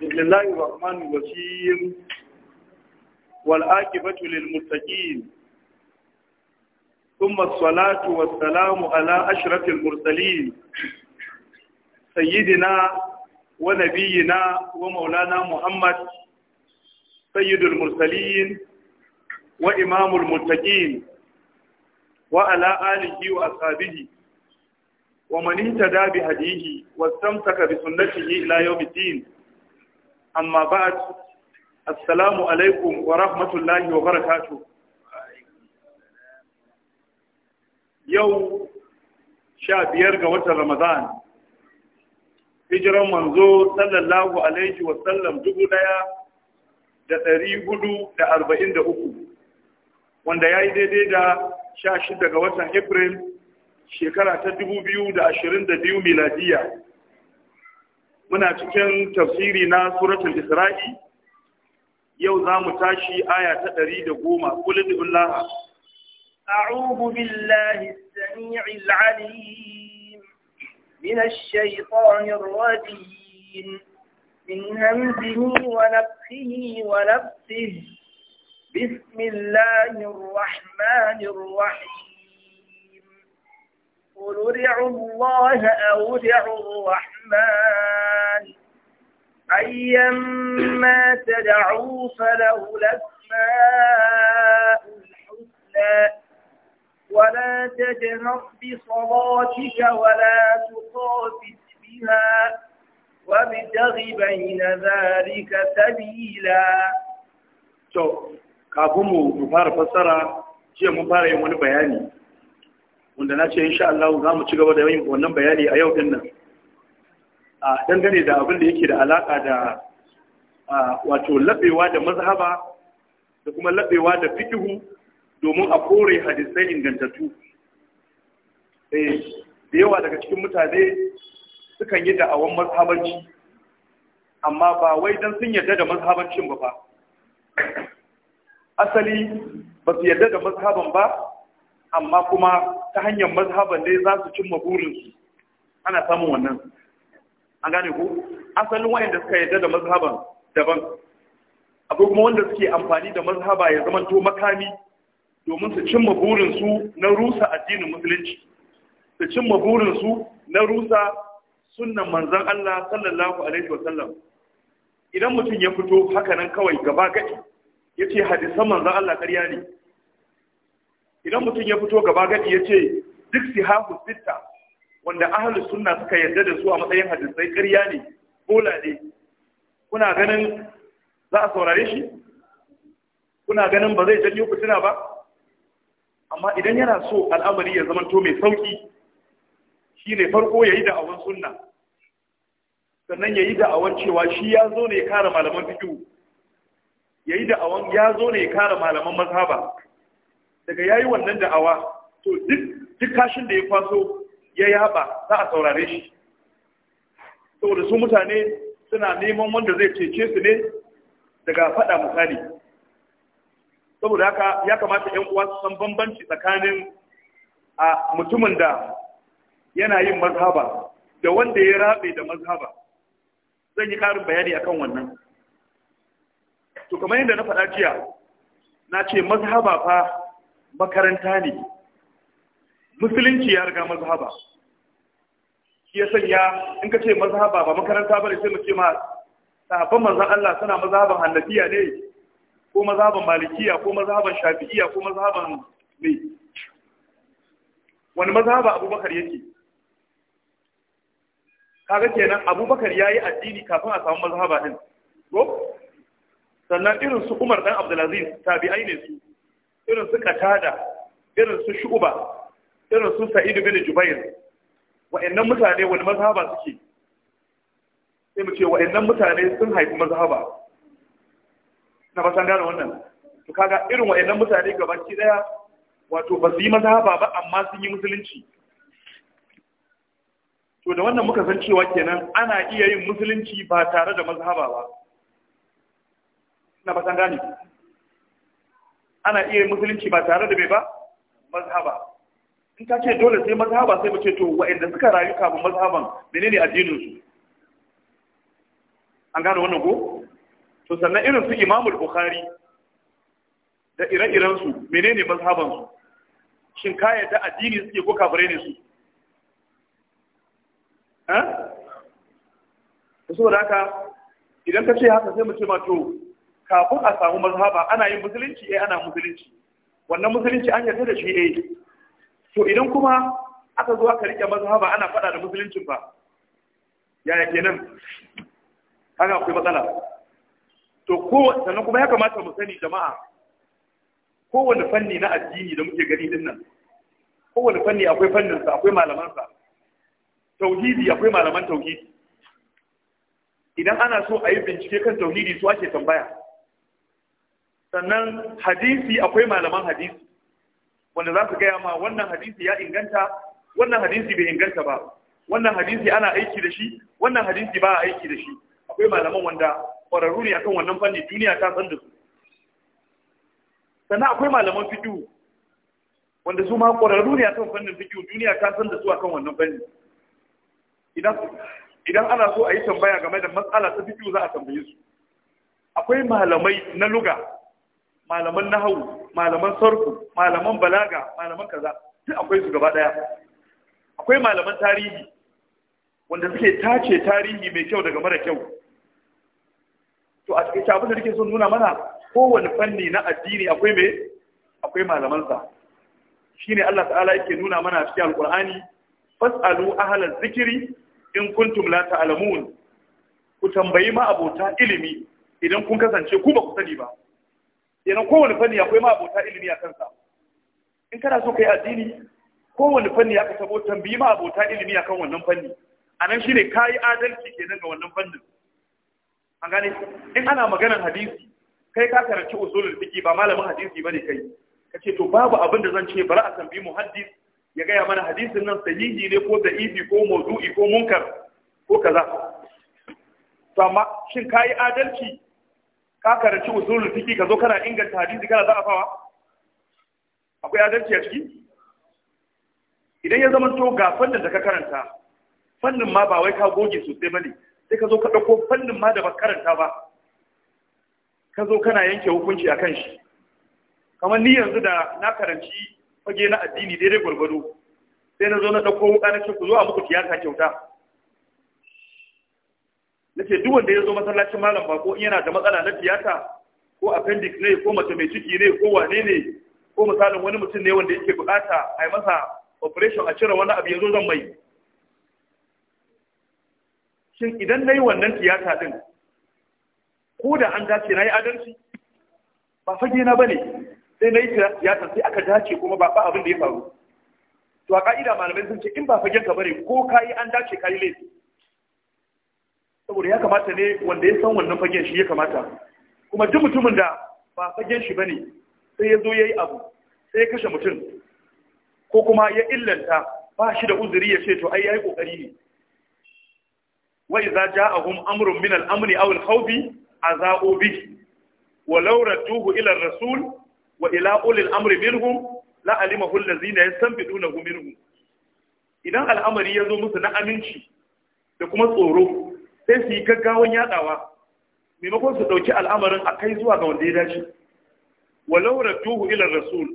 Bismillahi Rahman Rahim wal aqibatu lil muttaqin thumma salatu was-salamu ala ashrafil mursalin sayyidina wa nabiyyina wa maulana Muhammad sayyidul mursalin wa imamul muttaqin wa ala alihi wa Wa mu nita daɓi Hadithi, wasu samtaka fi sunan sun yi Amma ba'ad, assalamu salaamu alaikum wa rahmatullahi wa barakato. Yau, sha biyar ga watan Ramadhan, hijiran man zo alaihi wasallam dubu ɗaya da dari hudu da arba'in da uku, wanda ya yi daidai da sha shida ga watan Afirin. shekara ta 2022 miladiya muna cikin tafsiri na suratul isra'i yau za mu tashi aya ta 110 kulidullah a'udhu billahi as-sami'il 'alim min ash-shaytanir rajim min hamzihi wa nafthihi wa nafthihi بسم الله الرحمن قل ادعوا الله أو ادعوا الرحمن أيما تدعوا فله الأسماء الحسنى ولا تجهر بصلاتك ولا تخافت بها وابتغ بين ذلك سبيلا شوف kafin mu fara fassara jiya mun fara wanda na ce insha Allah za mu ci gaba da yin wannan bayani a yau din nan a dangane da abin da yake da alaka da wato labewa da mazhaba da kuma labewa da fikihu domin a kore hadisai ingantattu eh da yawa daga cikin mutane sukan yi da'awan mazhabanci amma ba wai dan sun yarda da mazhabancin ba ba asali ba su yarda da mazhaban ba amma kuma ta hanyar mazhaban dai za su cimma burinsu ana samun wannan an gane ku asalin wayanda suka yarda da mazhaban daban akwai kuma wanda suke amfani da mazhaba ya zamanto makami domin su cimma burinsu na rusa addinin musulunci su cimma burinsu na rusa sunnan manzon Allah sallallahu alaihi wa idan mutum ya fito haka nan kawai gaba ya ce hadisan manzon Allah ƙarya ne idan mutum ya fito gaba gadi ya ce duk sihahu sita wanda ahlus sunna suka yarda da su a matsayin hadisai ƙarya ne bola ne kuna ganin za a saurare shi kuna ganin ba zai janyo fitina ba amma idan yana so al'amari ya to mai sauki ne farko ya da awan sunna sannan ya da awan cewa shi ya zo ne ya kare malaman fiqh yayi da awan ya zo ne ya kare malaman mazhaba daga yayi wannan da'awa to duk duk kashin da ya kwaso ya yaba za a saurare shi da su mutane suna neman wanda zai cece su ne daga faɗa misali saboda haka ya kamata yan uwa su san bambanci tsakanin a mutumin da yana yin mazhaba da wanda ya rabe da mazhaba zan yi ƙarin bayani akan wannan to kamar yadda na faɗa jiya na ce mazhaba fa makaranta ne musulunci ya riga mazhaba shi ya sanya in ka ce mazhaba ba makaranta ba ne sai mu ce ma sahabban manzon Allah suna mazhaban hanafiya ne ko mazhaban malikiya ko mazhaban shafi'iya ko mazhaban ne wani mazhaba abubakar yake kaga kenan abubakar ya yi addini kafin a samu mazhaba din ko sannan irin su umar dan abdulaziz tabi'ai ne su irin su katada irin su shuba irin su Sa'idu bin jubair wa'annan mutane wani mazhaba suke sai mu ce wa'annan mutane sun haifi mazhaba na ba san gane wannan to kaga irin wa'annan mutane gabaki daya wato ba su yi mazhaba ba amma sun yi musulunci to da wannan muka san cewa kenan ana iya yin musulunci ba tare da mazhaba ba na ba san gane ana iya musulunci ba tare da mai ba mazhaba in ka ce dole sai mazhaba sai mu ce to wa'anda suka rayu kafin mazhaban menene addinin su an gane wannan ko to sannan irin su imamul bukhari da ire-iren su menene mazhaban su shin ka yadda addini suke ko kafire ne su eh saboda haka idan ka ce haka sai mu ce ma to kafin a samu mazhaba ana yin musulunci eh ana musulunci wannan musulunci an yarda da shi eh to idan kuma aka zo aka rike mazhaba ana faɗa da musuluncin ba yaya kenan haka akwai matsala to ko sannan kuma ya kamata mu sani jama'a kowane fanni na addini da muke gani din nan kowane fanni akwai fanninsa akwai malamansa tauhidi akwai malaman tauhidi idan ana so a yi bincike kan tauhidi su ake tambaya sannan hadisi akwai malaman hadisi wanda za su gaya ma wannan hadisi ya inganta wannan hadisi bai inganta ba wannan hadisi ana aiki da shi wannan hadisi ba a aiki da shi akwai malaman wanda ƙwararru ne akan wannan fanni duniya ta san da su sannan akwai malaman fiƙi wanda su ma ƙwararru ne akan fannin fiƙi duniya ta san da su akan wannan fanni idan idan ana so a yi tambaya game da matsala ta fiƙi za a tambaye su akwai malamai na luga malaman nahawu malaman sarku malaman balaga malaman kaza duk akwai su gaba daya akwai malaman tarihi wanda suke tace tarihi mai kyau daga mara kyau to a cikin abin da nake so nuna mana kowane fanni na addini akwai mai akwai malaman sa shine Allah ta'ala yake nuna mana cikin alqur'ani fasalu ahlaz zikri in kuntum la ta'lamun ku tambayi ma abota ilimi idan kun kasance ku ba ku sani ba kenan kowane fanni akwai ma abota ilimi a kansa in kana so kai addini kowane fanni aka tabo tambayi ma abota ilimi a kan wannan fanni A nan shine kayi adalci kenan ga wannan fannin an gane in ana maganar hadisi kai ka karanci usulul fiqh ba malamin hadisi bane kai kace to babu abin da zan ce bari a tambayi muhaddis ya gaya mana hadisin nan sahihi ne ko da'ifi ko mawdu'i ko munkar ko kaza to amma shin yi adalci ka karanci usulul fiqi ka zo kana inganta hadisi kana fawa? akwai adalci a ciki idan ya zama to ga fannin da ka karanta fannin ma ba wai ka goge sosai bane sai ka zo ka dauko fannin ma da ba karanta ba ka zo kana yanke hukunci akan shi kamar ni yanzu da na karanci fage na addini daidai gwargwado sai na zo na dauko wuka na ce ku zo a muku tiyata kyauta nace duk wanda ya zo masallacin malam ko in yana da matsala na tiyata ko appendix ne ko mace mai ciki ne ko wane ne ko misalin wani mutum ne wanda yake bukata a yi masa operation a cire wani abu zo zan mai shin idan na yi wannan tiyata din ko da an dace na yi adalci ba fage na bane sai na yi tiyata sai aka dace kuma ba abin da ya faru to a ka'ida malamai sun ce in ba fagen ka bane ko yi an dace yi laifi saboda ya kamata ne wanda ya san wannan fagen shi ya kamata kuma duk mutumin da ba fagen shi bane sai ya zo yayi abu sai ya kashe mutum ko kuma ya illanta ba shi da uzuri ya ce to ai yayi kokari ne wa idza ja'ahum amrun min al amn aw al-khawfi aza'u bi wa law radduhu ila ar-rasul wa ila ulil al-amr minhum la alimahu allazina yastanbidunahu minhum idan al'amari ya zo musu na aminci da kuma tsoro sai su yi gaggawan yadawa maimakon su dauki al'amarin a kai zuwa ga wanda ya dace walau rajuhu ila rasul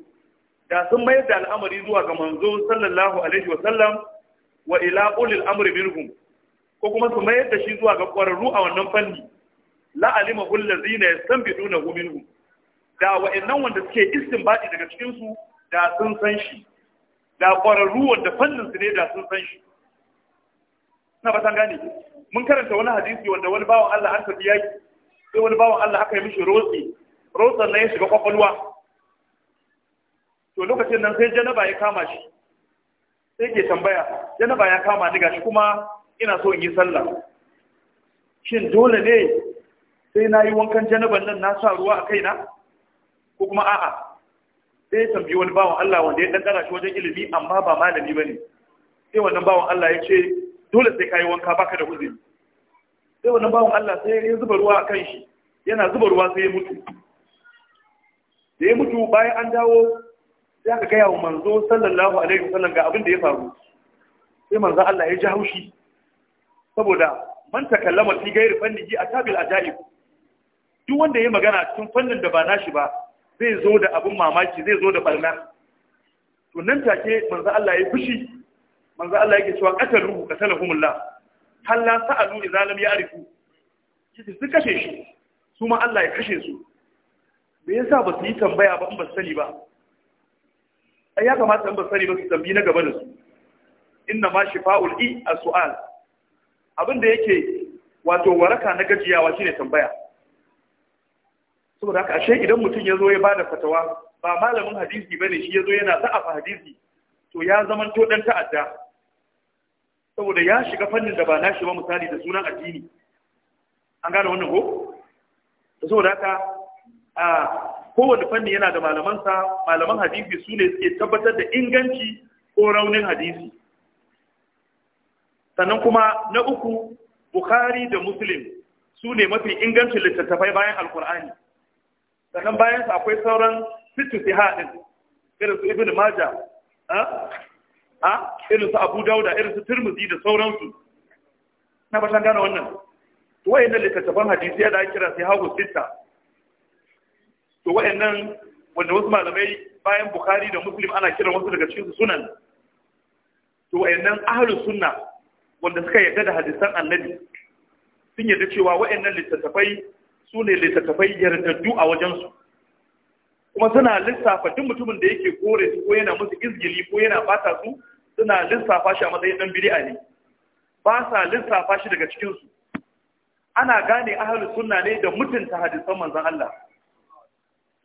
da sun mayar da al'amari zuwa ga manzo sallallahu alaihi wa sallam wa ila ulil amri minhum ko kuma su mayar da shi zuwa ga ƙwararru a wannan fanni la alima allazina yastanbiduna minhum da wa'annan wanda suke istinbadi daga cikin su da sun san shi da ƙwararru wanda fannin su ne da sun san shi na ba san gane mun karanta wani hadisi wanda wani bawan Allah an tafi yaki sai wani bawan Allah aka yi mishi rotsi rotsan na ya shiga kwakwalwa to lokacin nan sai janaba ya kama shi sai ke tambaya janaba ya kama ni gashi kuma ina so in yi sallah shin dole ne sai na yi wankan janaban nan na sa ruwa a kaina ko kuma a'a sai tambayi wani bawan Allah wanda ya dangara shi wajen ilimi amma ba malami bane sai wannan bawan Allah ya ce dole sai kayi wanka baka da uzuri sai wannan bawon Allah sai ya zuba ruwa a kan shi yana zuba ruwa sai ya mutu da ya mutu bayan an dawo sai aka gaya wa manzo sallallahu alaihi wasallam ga abin da ya faru sai manzo Allah ya ji haushi saboda man takallama fi gairi fannihi a tabil ajaib duk wanda ya magana cikin fannin da ba nashi ba zai zo da abin mamaki zai zo da barna to nan take manzo Allah ya fushi manzo Allah yake cewa ruhu qatalahumullah Allah halla sa'alu idza lam ya'rifu yace su kashe shi su ma Allah ya kashe su me yasa ba su yi tambaya ba in ba sani ba ai ya kamata in ba sani ba su tambi na gaba da su inna ma shifa'ul i as-su'al abinda yake wato waraka na gajiyawa shine tambaya saboda haka ashe idan mutum ya zo ya bada fatawa ba malamin hadisi bane shi ya zo yana za'afa hadisi to ya zama to dan ta'adda saboda ya shiga fannin da ba na shi ba misali da sunan addini an gane wannan ko da saboda haka a kowane fanni yana da malamansa malaman hadisi su ne suke tabbatar da inganci ko raunin hadisi sannan kuma na uku bukhari da muslim su ne mafi ingancin littattafai bayan alkur'ani sannan bayan akwai sauran fitu sihadin irin su ibn majah a irin su abu dauda irin su turmuzi da sauransu na ba san gane wannan to nan littattafan hadisi da kira sai hagu sita to nan, wanda wasu malamai bayan bukhari da muslim ana kiran wasu daga cikin sunan to nan, ahlus sunna wanda suka yarda da hadisan annabi sun yarda cewa nan littattafai su ne littattafai yardaddu a wajensu kuma suna lissafa duk mutumin da yake kore su ko yana musu izgili ko yana bata su suna lissafa shi a matsayin ɗan biria ne ba sa lissafa shi daga cikinsu ana gane Ahlus sunna ne da mutunta hadisan manzon Allah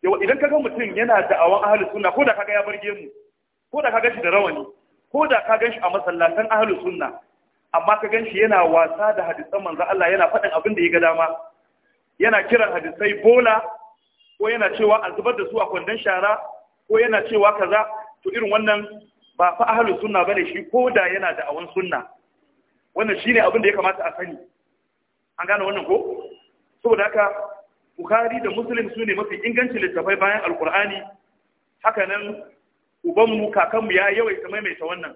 yawa idan kaga mutum yana da'awan Ahlus sunna ko da kaga ya barge mu ko da kaga shi da rawani ko da kaga shi a masallatan Ahlus sunna amma ka ganshi yana wasa da hadisan manzan Allah yana faɗin abin da ya ga dama yana kiran hadisai bola ko yana cewa a zubar da su a kwandon shara ko yana cewa kaza to irin wannan ba fa ahlu sunna bane shi ko da yana da awan sunna wannan shine abin da ya kamata a sani an gane wannan ko saboda haka bukhari da muslim sune mafi ingancin littafai bayan alqur'ani haka nan ubanmu kakanmu ya yawai yawaita maimaita wannan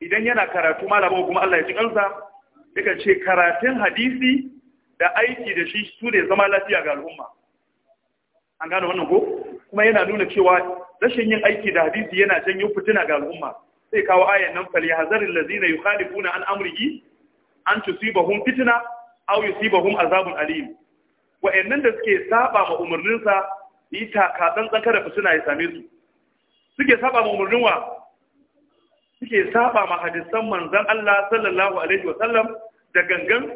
idan yana karatu malamin kuma Allah ya ji kansa yakan ce karatun hadisi da aiki da shi su zama lafiya ga al'umma an gane wannan ko kuma yana nuna cewa rashin yin aiki da hadisi yana janyo fitina ga al'umma sai kawo ayan nan fal yahzaril ladina yukhalifuna an amrihi an tusibahum fitna aw yusibahum azabun alim annan da suke saba ma umurnin sa yi taka dan tsaka da fitina ya same su suke saba ma umarnin wa suke saba ma hadisan manzon Allah sallallahu alaihi wa sallam da gangan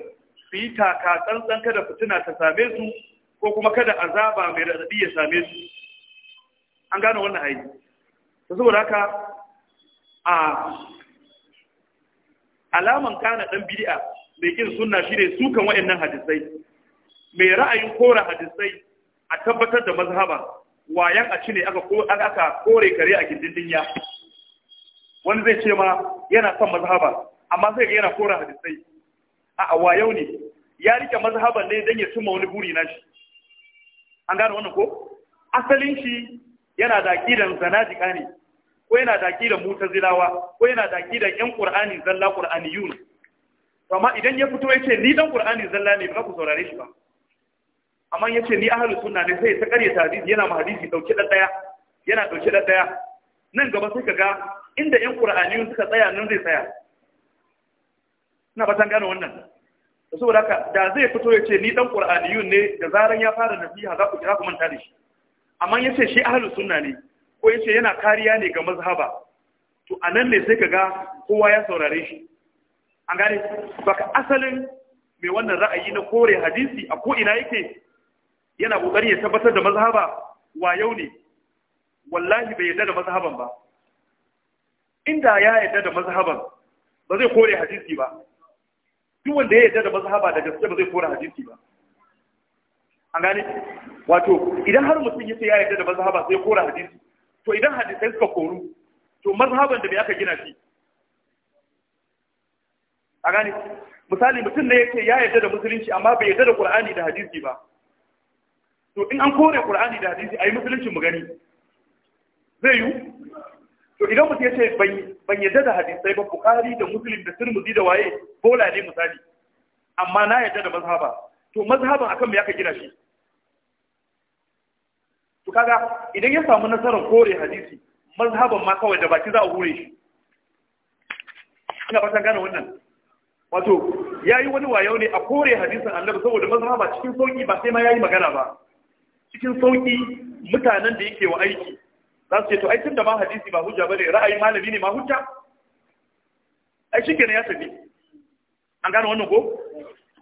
su yi taka tsantsan kada fitina ta same su ko kuma kada azaba mai raɗaɗi ya same su an gano wannan ayi ta saboda haka a alaman kana dan bid'a mai kin sunna shine sukan wayannan hadisai mai ra'ayin kora hadisai a tabbatar da mazhaba wayan a cine aka aka kore kare a gindin dunya wani zai ce ma yana son mazhaba amma sai ga yana kora hadisai a wayau ne ya rike mazhaban ne dan ya cimma wani buri nashi an gano wannan ko asalin shi yana da aqidan zanadiqa ne ko yana da aqidan mutazilawa ko yana da aqidan yan qur'ani zalla qur'aniyun to amma idan ya fito yace ni dan qur'ani zalla ne ba ku saurare shi ba amma yace ni ahlus sunna ne sai ta kare hadisi yana ma hadisi dauke da daya yana dauke da daya nan gaba sai kaga inda yan qur'aniyun suka tsaya nan zai tsaya ina ba tan gane wannan saboda haka da zai fito yace ni dan qur'aniyun ne da zaran ya fara nasiha za ku kira ku manta da shi amma ya ce shi ahalus sunna ne ko ya ce yana kariya ne ga mazhaba to a nan ne sai ka ga kowa ya saurare shi an gane baka asalin mai wannan ra'ayi na kore hadisi a ko ina yake yana kokari ya tabbatar da mazhaba wa yau ne wallahi bai yarda da mazhaban ba inda ya yarda da mazhaban ba zai kore hadisi ba duk wanda ya yarda da mazhaba da gaske ba zai kore hadisi ba an gane wato idan har mutum ya ce ya yarda da mazhaba sai kora hadisi to idan hadisai suka koru to mazhaban da me aka gina shi a gane misali mutum ne ya ya yarda da musulunci amma bai yarda da qur'ani da hadisi ba to in an kore qur'ani da hadisi ayi musulunci mu gani zai yi to idan mutum ya ce ban yarda da hadisai ba bukhari da muslim da tirmidhi da waye bola ne misali amma na yarda da mazhaba to mazhaban akan me aka gina shi to kaga idan ya samu nasarar kore hadisi mazhaban ma kawai da baki za a hure shi ina fatan gane wannan wato ya yi wani wayo ne a kore hadisin annabi saboda mazhaba cikin sauki ba sai ma ya yi magana ba cikin sauki mutanen da yake wa aiki za su ce to ai tun da ma hadisi ba hujja bane ra'ayi malami ne ma hujja ai shi kenan ya tafi an gane wannan ko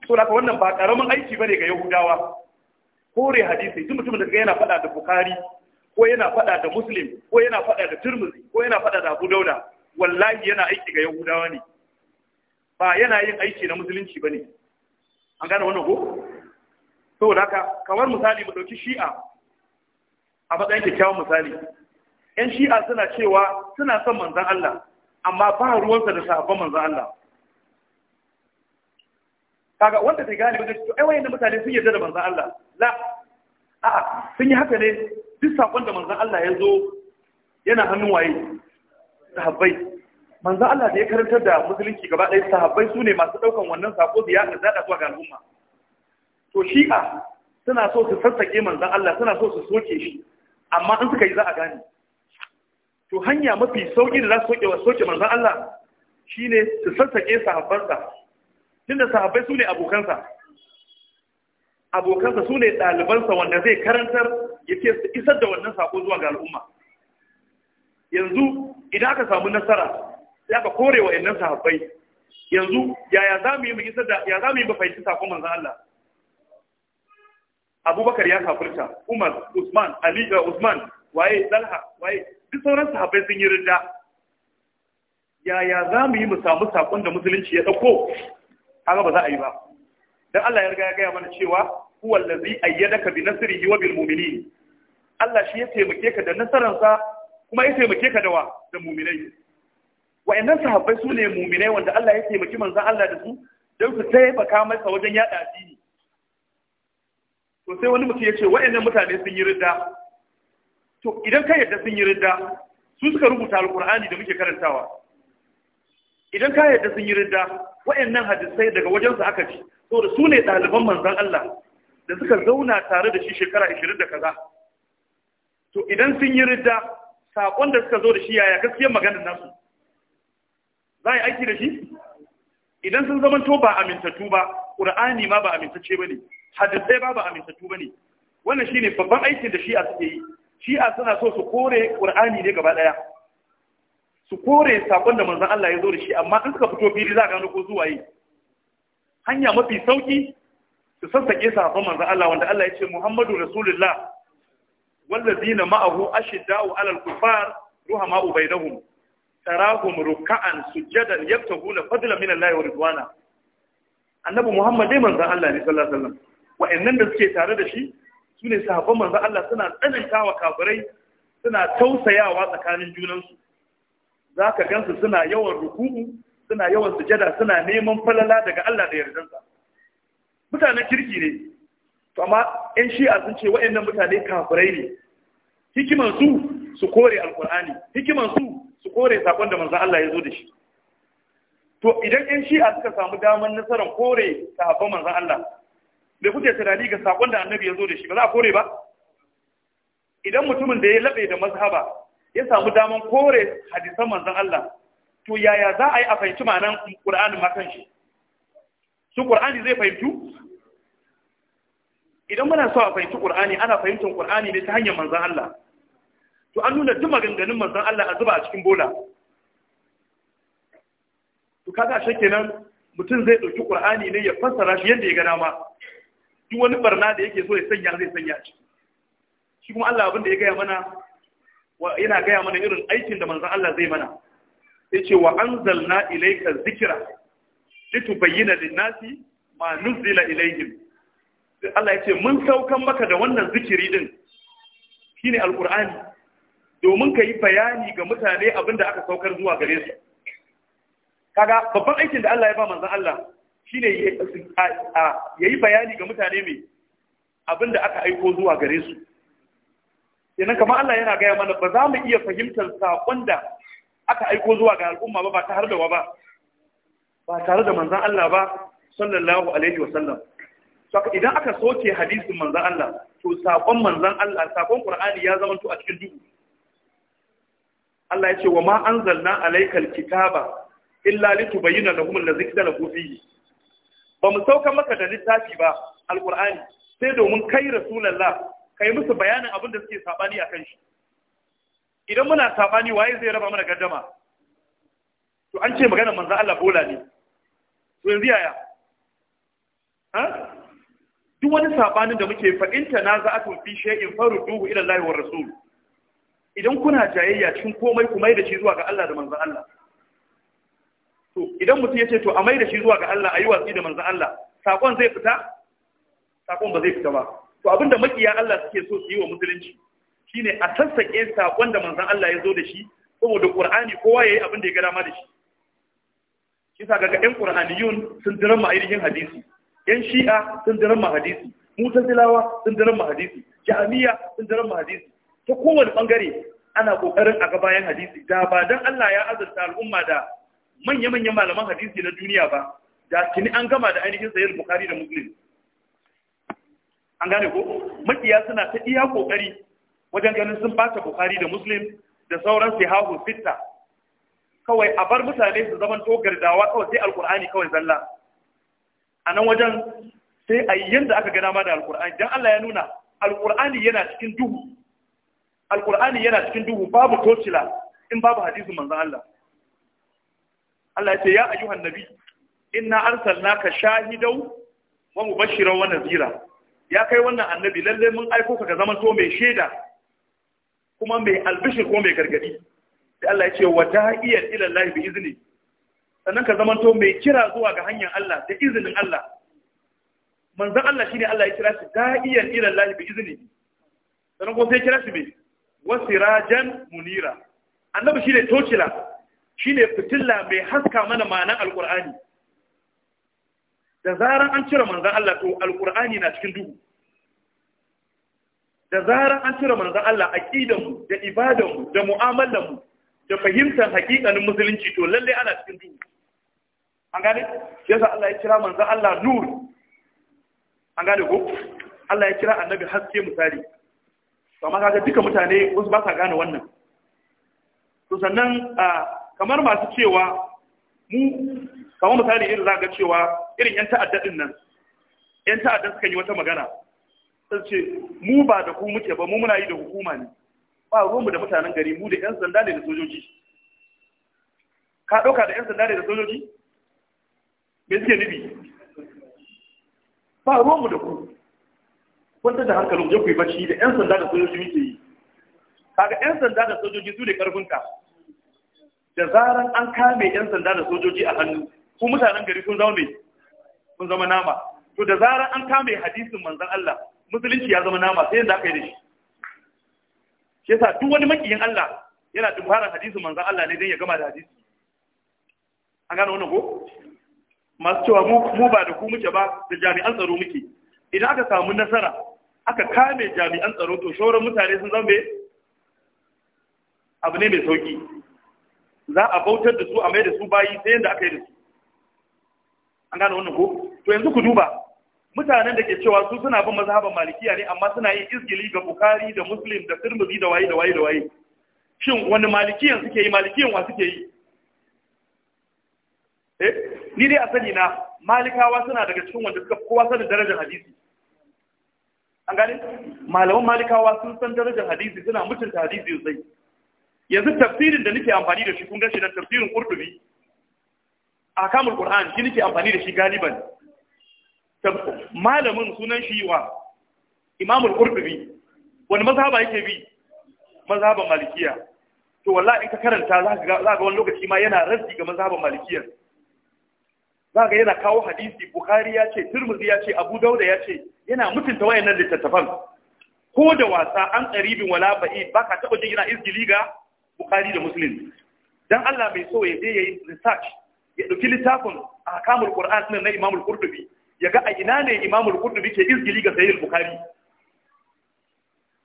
so da wannan ba karamin aiki ne ga yahudawa kore hadisi tun mutumin da yana faɗa da bukari ko yana faɗa da muslim ko yana faɗa da turmuzi ko yana faɗa da abu dauda wallahi yana aiki ga yahudawa ne ba yana yin aiki na musulunci ne. an gane wannan ko to da haka kamar misali mu dauki shi'a a matsayin kyakkyawan misali yan shi'a suna cewa suna son manzon Allah amma ba ruwansa da sahabban manzon Allah kaga wanda ta gane wajen to ai wayannan mutane sun yarda da manzon Allah la a'a sun yi haka ne duk sakon da manzon Allah ya zo yana hannun waye sahabbai manzon Allah da ya karantar da musulunci gaba ɗaya sahabbai su ne masu ɗaukan wannan sako da ya zada zuwa ga al'umma to shi'a suna so su sassake manzon Allah suna so su soke shi amma in suka yi za a gane to hanya mafi sauki da za su soke wa soke manzon Allah shine su sassake sahabbansa tunda sahabbai su ne abokansa abokansa su ne ɗalibansa wanda zai karantar ya ce su isar da wannan sako zuwa ga al'umma yanzu idan aka samu nasara sai aka kore wa innan sahabbai yanzu yaya za mu yi mu isar da ya za mu yi mu fahimci sakon Allah Abubakar ya kafirta Umar Usman Ali eh, Usman waye Talha waye duk sauran sahabbai sun yi ridda yaya za mu yi mu samu sakon da musulunci ya dauko kaga ba za a yi ba dan Allah ya riga ya gaya mana cewa huwa allazi ayyadaka bi nasrihi wa bil mu'minin Allah shi ya taimake ka da nasararsa kuma ya taimake ka da wa da mu'minai wayannan sahabbai su ne mu'minai wanda Allah ya taimaki manzon Allah da su don su taimaka masa wajen yada addini to sai wani mutum ya ce wayannan mutane sun yi ridda to idan ka yadda sun yi ridda su suka rubuta alqur'ani da muke karantawa idan ka yarda sun yi ridda waɗannan hadisai daga wajensu aka ci to da su ne ɗaliban manzan Allah da suka zauna tare da shi shekara 20 da kaza to idan sun yi ridda saƙon da suka zo da shi yaya gaskiyar maganar nasu za a yi aiki da shi idan sun zama to ba amintattu ba ƙur'ani ma ba amintacce ba ne hadisai ba ba amintattu ba ne wannan shine babban aikin da shi'a suke yi shi'a suna so su kore ƙur'ani ne gaba ɗaya su kore sakon da manzan Allah ya zo da shi amma in suka fito fili za a gano ko zuwa yi hanya mafi sauki su sassake sakon manzan Allah wanda Allah ya ce Muhammadu Rasulullah wallazina ma'ahu ashidda'u 'alal kufar ruhama'u bainahum tarahum ruk'an sujadan yabtaguna fadlan min Allah wa ridwana annabi Muhammad dai manzan Allah ne sallallahu alaihi wasallam wa'annan da suke tare da shi sune sahabban manzan Allah suna tsanantawa kafirai suna tausayawa tsakanin junansu za ka gansu suna yawan rukumu, suna yawan sujada suna neman falala daga Allah da yardansa mutanen kirki ne to amma shi shi'a sun ce wa'annan mutane kafirai ne hikimar su su kore alkur'ani hikimar su su kore sakon da manzon Allah ya zo da shi to idan shi shi'a suka samu damar nasarar kore sakon manzon Allah bai kuke tunani ga sakon da annabi ya zo da shi ba za a kore ba idan mutumin da ya labe da mazhaba ya samu daman kore hadisan manzon Allah to yaya za a yi a fahimci ma'anan qur'ani ma kanshi shi Qur'ani zai fahimtu idan muna so a fahimci Qur'ani ana fahimtar Qur'ani ne ta hanyar manzon Allah to an nuna duk maganganun manzon Allah a zuba a cikin bola to kaga shi kenan mutum zai dauki Qur'ani ne ya fassara shi yadda ya ga dama duk wani barna da yake so ya sanya zai sanya shi shi kuma Allah abin da ya gaya mana yana gaya mana irin aikin da manzon Allah zai mana ya ce wa anzalna ilayka zikira litubayyana lin-nasi ma nuzila ilayhim Allah ya ce mun saukan maka da wannan zikiri din shine alqur'ani domin ka yi bayani ga mutane abinda aka saukar zuwa gare su kaga babban aikin da Allah ya ba manzon Allah shine yayi bayani ga mutane mai abinda aka aiko zuwa gare su kenan kama Allah yana gaya mana ba za mu iya fahimtar saƙon da aka aiko zuwa ga al'umma ba ba ta har da wa ba ba tare da manzan Allah ba sallallahu alaihi wa sallam idan aka soke hadisin manzan Allah to sakon manzan Allah sakon Qur'ani ya zama to a cikin duhu Allah ya ce wa ma anzalna alaykal kitaba illa litubayyana lahum allazi ikhtalafu fihi ba mu sauka maka da littafi ba alqur'ani sai domin kai rasulullah Ka yi musu bayanin abin da suke sabani kan shi idan muna sabani waye zai raba mana gaddama to an ce maganar manzo Allah bola ne to yanzu yaya ha duk wani sabanin da muke fa na tanaza'atun fi shay'in faru ila Allah wa rasul idan kuna jayayya cikin komai ku mai da shi zuwa ga Allah da manzo Allah to idan mutum ya ce to a mai da shi zuwa ga Allah a yi watsi da manzan Allah sakon zai fita sakon ba zai fita ba to da makiya Allah suke so su yi wa musulunci shine a sassake sakon da manzon Allah ya zo da shi saboda Qur'ani kowa yayi abin da ya ga dama da shi shi sa ga ɗan Qur'aniyun sun diran ma ainihin hadisi yan Shi'a sun diran ma hadisi Mutazilawa sun diran ma hadisi Jami'a sun diran ma hadisi ta kowane bangare ana kokarin a ga bayan hadisi da ba dan Allah ya azurta al'umma da manya-manyan malaman hadisi na duniya ba da tuni an gama da ainihin sayyid Bukhari da Muslim an gane ko makiya suna ta iya kokari wajen ganin sun bata bukari da muslim da sauran sihahu sitta kawai a bar mutane su zaman to gardawa kawai sai alkur'ani kawai zalla a nan wajen sai a yi yadda aka gana ma da alkur'ani dan Allah ya nuna alkur'ani yana cikin duhu alkur'ani yana cikin duhu babu tocila in babu hadisin manzon Allah Allah ya ce ya ayyuhan nabi inna arsalnaka shahidaw wa mubashiran wa nadhira ya kai wannan annabi lalle mun aiko ka zama to mai shaida kuma mai albishir ko mai gargadi sai Allah ya ce wa da'iyan ila Allah bi izni sannan ka zama to mai kira zuwa ga hanyar Allah da izinin Allah manzon Allah shine Allah ya kira shi da'iyan ila Allah bi izni sannan ko sai kira shi bi wasirajan munira annabi shine tocila shine fitilla mai haska mana ma'anar alqur'ani da zaran an cire manzan Allah to alkur'ani na cikin duhu da zaran an cire manzan Allah aqidanmu da ibadanmu da mu'amalanmu da fahimtar hakikanin musulunci to lalle ana cikin duhu an gane yasa Allah ya kira manzan Allah nur an gane ko Allah ya kira annabi haske misali kamar kaga duka mutane wasu ba sa gane wannan to sannan ah, kamar masu cewa mu kama misali irin za ga cewa irin yan ta'adda din nan yan ta'addan suka yi wata magana sun ce mu ba da ku muke ba mu muna yi da hukuma ne ba ruwanmu da mutanen gari mu da yan sanda ne da sojoji ka ɗauka da yan sanda ne da sojoji me suke nufi ba ruwanmu da ku wanda da hankalin je ku yi bacci da yan sanda da sojoji muke yi kaga yan sanda da sojoji su ne karfinka da zaran an kame yan sanda da sojoji a hannu ku mutanen gari kun zama mai kun zama nama to da zarar an kame hadisin manzon Allah musulunci ya zama nama sai yanda aka yi da shi shi yasa duk wani makiyin Allah yana fara hadisin manzon Allah ne don ya gama da hadisi an gano wannan ko masu cewa mu ba da ku muke ba da jami'an tsaro muke idan aka samu nasara aka kame jami'an tsaro to shauran mutane sun zama abu ne mai sauki za a bautar da su a mai da su bayi sai yadda aka yi da su an gane wannan ko to yanzu ku duba mutanen da ke cewa su suna bin mazhaban malikiya ne amma suna yin izgili ga bukari da muslim da tirmidhi da waye da waye da waye shin wani malikiyan suke yi malikiyan wa suke yi eh ni dai a sani na malikawa suna daga cikin wanda suka kowa sanin darajar hadisi an gane malaman malikawa sun san darajar hadisi suna mutunta hadisi sosai yanzu tafsirin da nake amfani da shi kun ga shi na tafsirin qurtubi A akamul qur'an shi nake amfani da shi galiban malamin sunan shi wa imamul qurtubi wani mazhaba yake bi mazhaban malikiya to wallahi in ka karanta za ka ga wani lokaci ma yana rasi ga mazhaban malikiya za ga yana kawo hadisi bukari ya ce turmuzi ya ce abu dauda ya ce yana mutunta wayannan littattafan ko da wasa an qaribin wala ba'i baka taba jin yana izgili ga bukari da muslim dan Allah bai so ya je yayi research ya ɗauki littafin a kamar ƙura'an ɗin na Imamul ƙurɗubi ya ga a ina ne Imamul ƙurɗubi ke izgili ga sayil Bukhari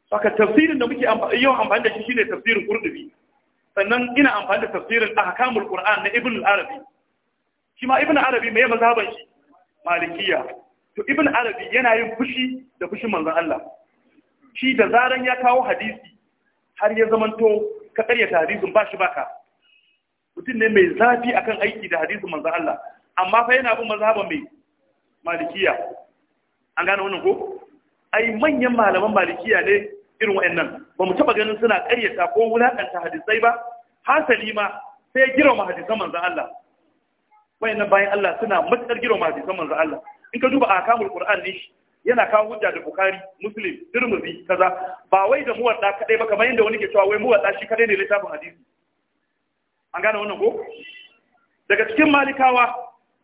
saka tafsirin da muke yau amfani da shi shine tafsirin ƙurɗubi sannan ina amfani da tafsirin a kamar ƙura'an na Ibn arabi shi ma Ibn Arabi mai mazhaban shi Malikiya to Ibn Arabi yana yin fushi da fushin manzan Allah shi da zaran ya kawo hadisi har ya zamanto ka ƙaryata hadisin ba shi baka mutum ne mai zafi akan aiki da hadisun manzon Allah amma fa yana bin mazhaban mai malikiya an gane wannan ko ai manyan malaman malikiya ne irin wayannan ba mu taba ganin suna ƙaryata ko wulakanta hadisai ba hasali ma sai girma hadisan manzon Allah wayannan bayan Allah suna matsar girma hadisan manzon Allah in ka duba akamul qur'an ne yana kawo hujja da bukari muslim tirmidhi kaza ba wai da muwadda kadai ba kamar yadda wani ke cewa wai muwadda shi kadai ne littafin hadisi an gane wannan ko daga cikin malikawa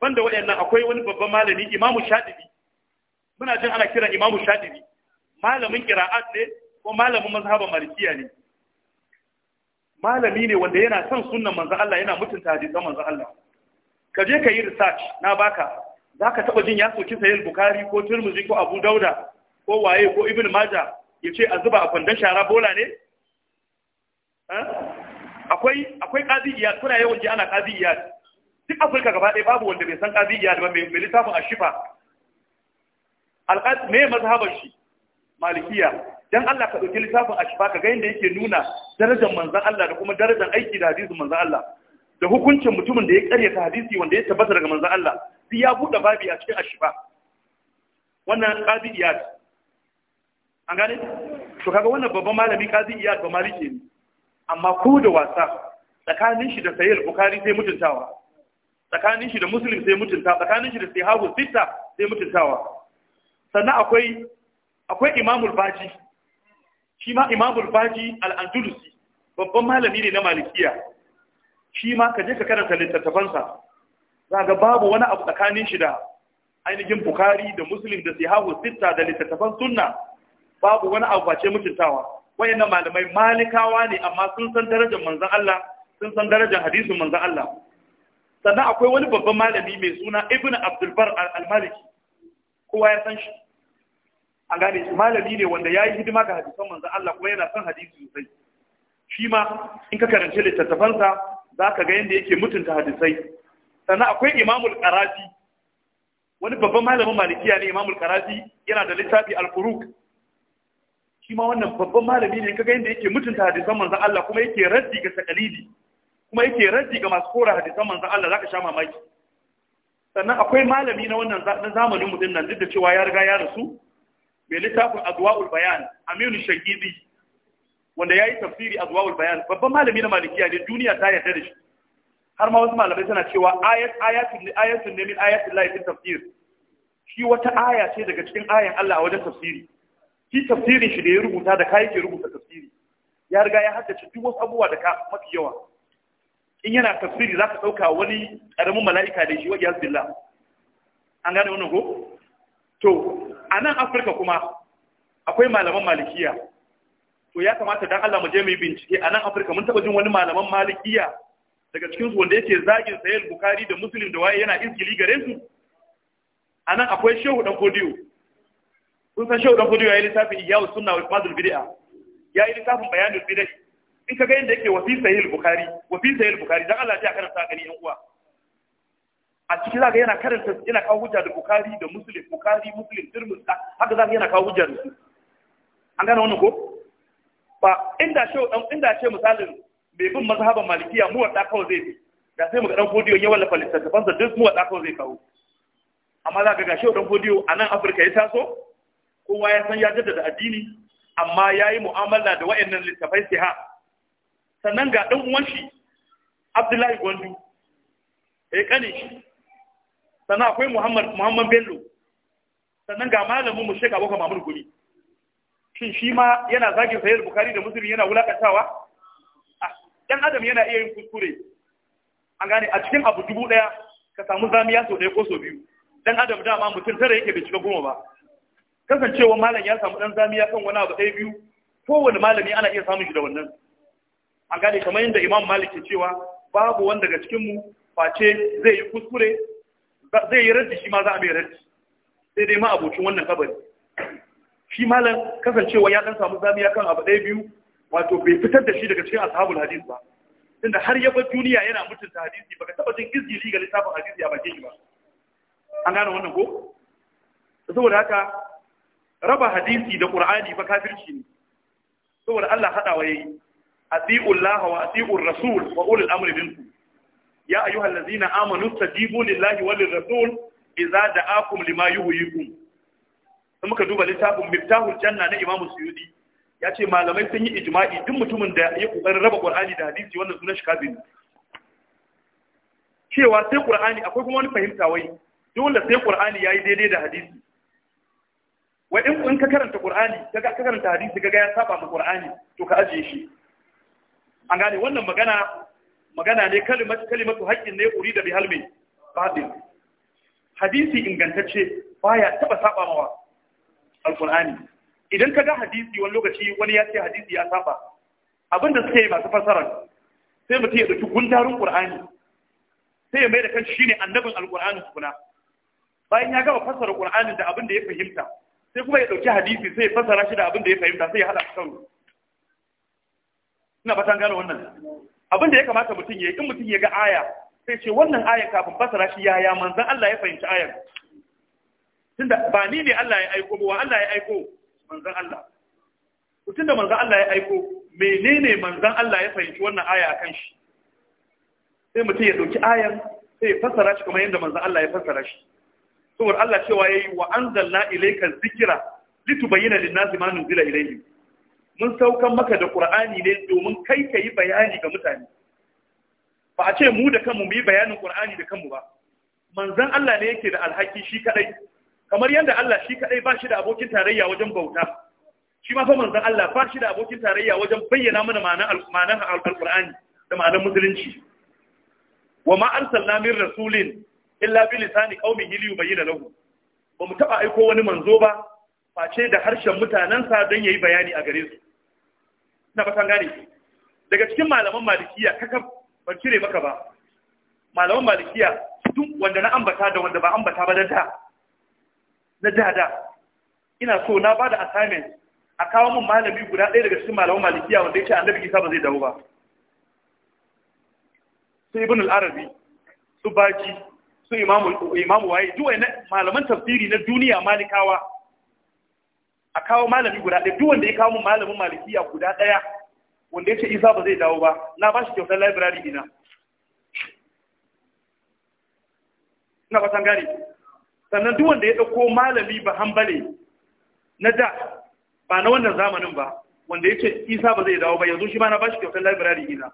banda waɗannan akwai wani babban malami imamu Shaɗibi. muna jin ana kiran imamu Shaɗibi. malamin qira'at ne ko malamin mazhaban malikiya ne malami ne wanda yana son sunnan manzo Allah yana mutunta hadisan manzo Allah ka je ka yi research na baka zaka taba jin ya soki sahih bukhari ko tirmidhi ko abu dauda ko waye ko ibn majah yace a zuba a kwandon shara bola ne eh? akwai akwai qazi iyad kuna yawan ji ana qazi duk afirka gaba ɗaya babu wanda bai san qazi iyad ba mai littafin ashifa alqaz me mazhabar shi malikiya dan Allah ka dauki littafin ashifa ka ga yanda yake nuna darajar manzon Allah da kuma darajar aiki da hadisin manzon Allah da hukuncin mutumin da ya karyata hadisi wanda ya tabbata daga manzon Allah sai ya buɗe babi a cikin ashifa wannan qazi iyad an gane to kaga wannan babban malami qazi iyad ba maliki ne amma ko da wasa tsakanin shi da sahih bukhari sai mutuntawa tsakanin shi da muslim sai mutunta tsakanin shi da sahabu sita sai mutuntawa sannan akwai akwai imamul baji shi ma imamul baji al-andalusi babban malami ne na malikiya shi ma ka je ka karanta littattafansa za ga babu wani abu tsakanin shi da ainihin bukari da muslim da sahabu sita da littattafan sunna babu wani abu ce mutuntawa wayanna malamai malikawa ne amma sun san darajar manzon Allah sun san darajar hadisin manzon Allah sannan akwai wani babban malami mai suna Ibn Abdul Bar al-Maliki kowa ya san shi an gane shi malami ne wanda yayi hidima ga hadisan manzon Allah kuma yana son hadisi sosai shi ma in ka karanta littattafansa zaka ga yanda yake mutunta hadisai sannan akwai Imamul Qarafi wani babban malamin malikiya ne Imamul Qarafi yana da littafi Al-Furuq shi ma wannan babban malami ne kaga yadda yake mutunta hadisan manzon Allah kuma yake raddi ga sakalidi kuma yake raddi ga masu kora hadisan manzon Allah zaka sha mamaki sannan akwai malami na wannan na zamanin mu nan duk da cewa ya riga ya rasu mai littafin adwaul bayan aminu shagibi wanda yayi tafsiri adwaul bayan babban malami na malikiya ne duniya ta yarda da shi har ma wasu malamai suna cewa ayat ayatul ayatul ne min ayatul lahi fi tafsir shi wata aya ce daga cikin ayan Allah a wajen tafsiri shi tafsirin shi da ya rubuta da ka yake rubuta tafsiri ya riga ya haddace duk wasu abubuwa da ka mafi yawa in yana tafsiri za ka ɗauka wani ƙaramin mala'ika da shi wajen zilla an gane wannan ko to a nan afirka kuma akwai malaman malikiya to ya kamata dan Allah mu je mu bincike a nan afirka mun taɓa jin wani malaman malikiya daga cikin su wanda yake zagin sayar bukari da muslim da waye yana izgili gare su a nan akwai shehu dan kodiyo kun san shehu dan kudu yayi littafin iyawu sunna wa Ya bid'a lissafin littafin bayanul bid'a in ka ga yanda yake wa fi sahih bukhari wa fi sahih bukhari dan Allah ya karanta gani yan uwa a cikin zaka yana karanta yana kawo hujja da bukhari da muslim bukhari muslim tirmidhi haka zaka yana kawo hujja da su an gane wannan ko ba inda shehu dan inda ce misalin bai bin mazhaban malikiya mu wadda kawai zai bi da sai mu ga dan godiyo ya wallafa sa duk mu wadda kawai zai kawo amma zaka ga shehu dan godiyo a nan Afirka ya taso kowa ya san ya jaddada addini amma ya yi mu'amala da wa'annan littafai ha. sannan ga ɗan uwan shi abdullahi gwandu ya eh, kane shi sannan akwai muhammad bello sannan ga malamin mu shek abokan mamun gumi shin shi ma yana zagin sayar bukari da musulmi yana wulakantawa ah, Ɗan adam yana iya yin kuskure an gane a cikin abu dubu ɗaya ka samu zamiya sau ɗaya ko sau biyu dan adam dama mutum tara yake bai cika goma ba kasancewa malam ya samu dan zamiya kan wani abu ɗaya biyu kowane malami ana iya samun shi da wannan A gane kamar yadda imam malik ke cewa babu wanda daga cikin mu face zai yi kuskure zai yi raddi shi ma za a mai raddi sai dai ma abokin wannan kabari shi malam kasancewa ya dan samu zamiya kan abu ɗaya biyu wato bai fitar da shi daga cikin ashabul hadis ba tunda har ya bar duniya yana mutunta hadisi baka taba jin izgili ga littafin hadisi a bakin shi ba an gane wannan ko saboda haka raba hadisi da qur'ani ba kafirci ne saboda Allah wa yayi ati'u Allah wa ati'u rasul wa ulul amri minkum ya ayyuhal ladzina amanu tajibu lillahi wal rasul idza da'akum lima yuhyikum sai muka duba littafin miftahul janna na imamu suyudi ya ce malamai sun yi ijma'i duk mutumin da ya kokarin raba qur'ani da hadisi wannan sunan shi kafin cewa sai qur'ani akwai kuma wani fahimta wai dole sai qur'ani yayi daidai da hadisi wa in ka karanta qur'ani ka karanta hadisi kaga ya saba ma qur'ani to ka ajiye shi an gane wannan magana magana ne kalimatu kalimatu haqqin ne urida bi halmi batil hadisi ingantacce baya taba saba mawa alqur'ani idan kaga hadisi wani lokaci wani ya ce hadisi ya saba abinda suke yi masu fasara sai mutum ya dauki gundarun qur'ani sai ya mai da kan shine annabin alqur'ani tukuna bayan ya gaba fassara qur'ani da abinda ya fahimta sai kuma ya dauki hadisi sai ya fassara shi da abin da ya fahimta sai ya hada karo ina ba gano wannan abin da ya kamata mutum ya yi in mutum ya ga aya sai ce wannan ayan kafin fassara shi ya yaya manzan Allah ya fahimci ayan tunda ba ni ne Allah ya aiko ba Allah ya aiko manzan Allah tunda manzan Allah ya aiko menene manzan Allah ya fahimci wannan aya a kan shi sai mutum ya dauki ayan sai ya fassara shi kamar yadda manzan Allah ya fassara shi saboda Allah cewa yi wa anzalna ilayka dhikra litubayyana lin-nasi ma nuzila ilayhim mun saukan maka da Qur'ani ne domin kai ka yi bayani ga mutane ba a ce mu da kanmu mu yi bayanin Qur'ani da kanmu ba manzon Allah ne yake da alhaki shi kadai kamar yadda Allah shi kadai ba shi da abokin tarayya wajen bauta shi ma fa manzon Allah ba shi da abokin tarayya wajen bayyana mana ma'anar al-Qur'ani da ma'anar musulunci wa ma arsalna min rasulin illa bi lisani qaumi hili yubayyana lahu ba mu taba aiko wani manzo ba face da harshen sa don yayi bayani a gare su na ba san gane daga cikin malaman malikiya kakab ban cire maka ba malaman malikiya duk wanda na ambata da wanda ba ambata ba da na da da ina so na bada assignment a kawo mun malami guda ɗaya daga cikin malaman malikiya wanda yake annabi Isa ba zai dawo ba sai ibn al-arabi su baji su imamu waye duk na malaman tafsiri na duniya malikawa a kawo malami guda ɗaya duk wanda ya kawo malamin malikiya guda ɗaya wanda ya ce isa ba zai dawo ba na ba shi kyautar library ina ina ba gane sannan duwanda ya ɗauko malami ba hambale na da ba na wannan zamanin ba wanda ya ce isa ba zai dawo ba yanzu shi ma na ba shi kyautar library ina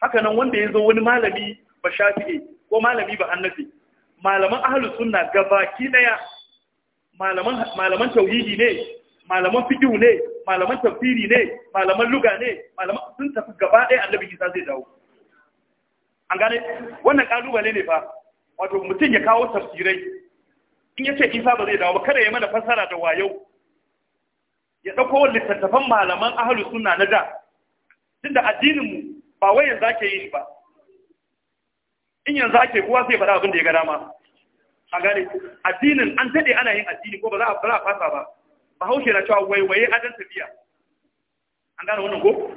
haka nan wanda ya zo wani malami ba shafi'i ko malami ba annabi malaman ahlus sunna gabaki daya malaman malaman tauhidi ne malaman fiqh ne malaman tafsiri ne malaman luga ne malaman sun tafi gaba daya annabi Isa zai dawo an gane wannan kalubale ne fa wato mutum ya kawo tafsirai in ya ce Isa ba zai dawo ba kada ya mana fassara da wayo ya dauko littattafan malaman ahlus sunna na da tunda addinin mu ba wai yanzu ake yi ba in yanzu ake kowa sai faɗa abin da ya ga dama a gane addinin an daɗe ana yin addini ko ba za a fara fasa ba bahaushe na cewa waiwaye adan tafiya an gane wannan ko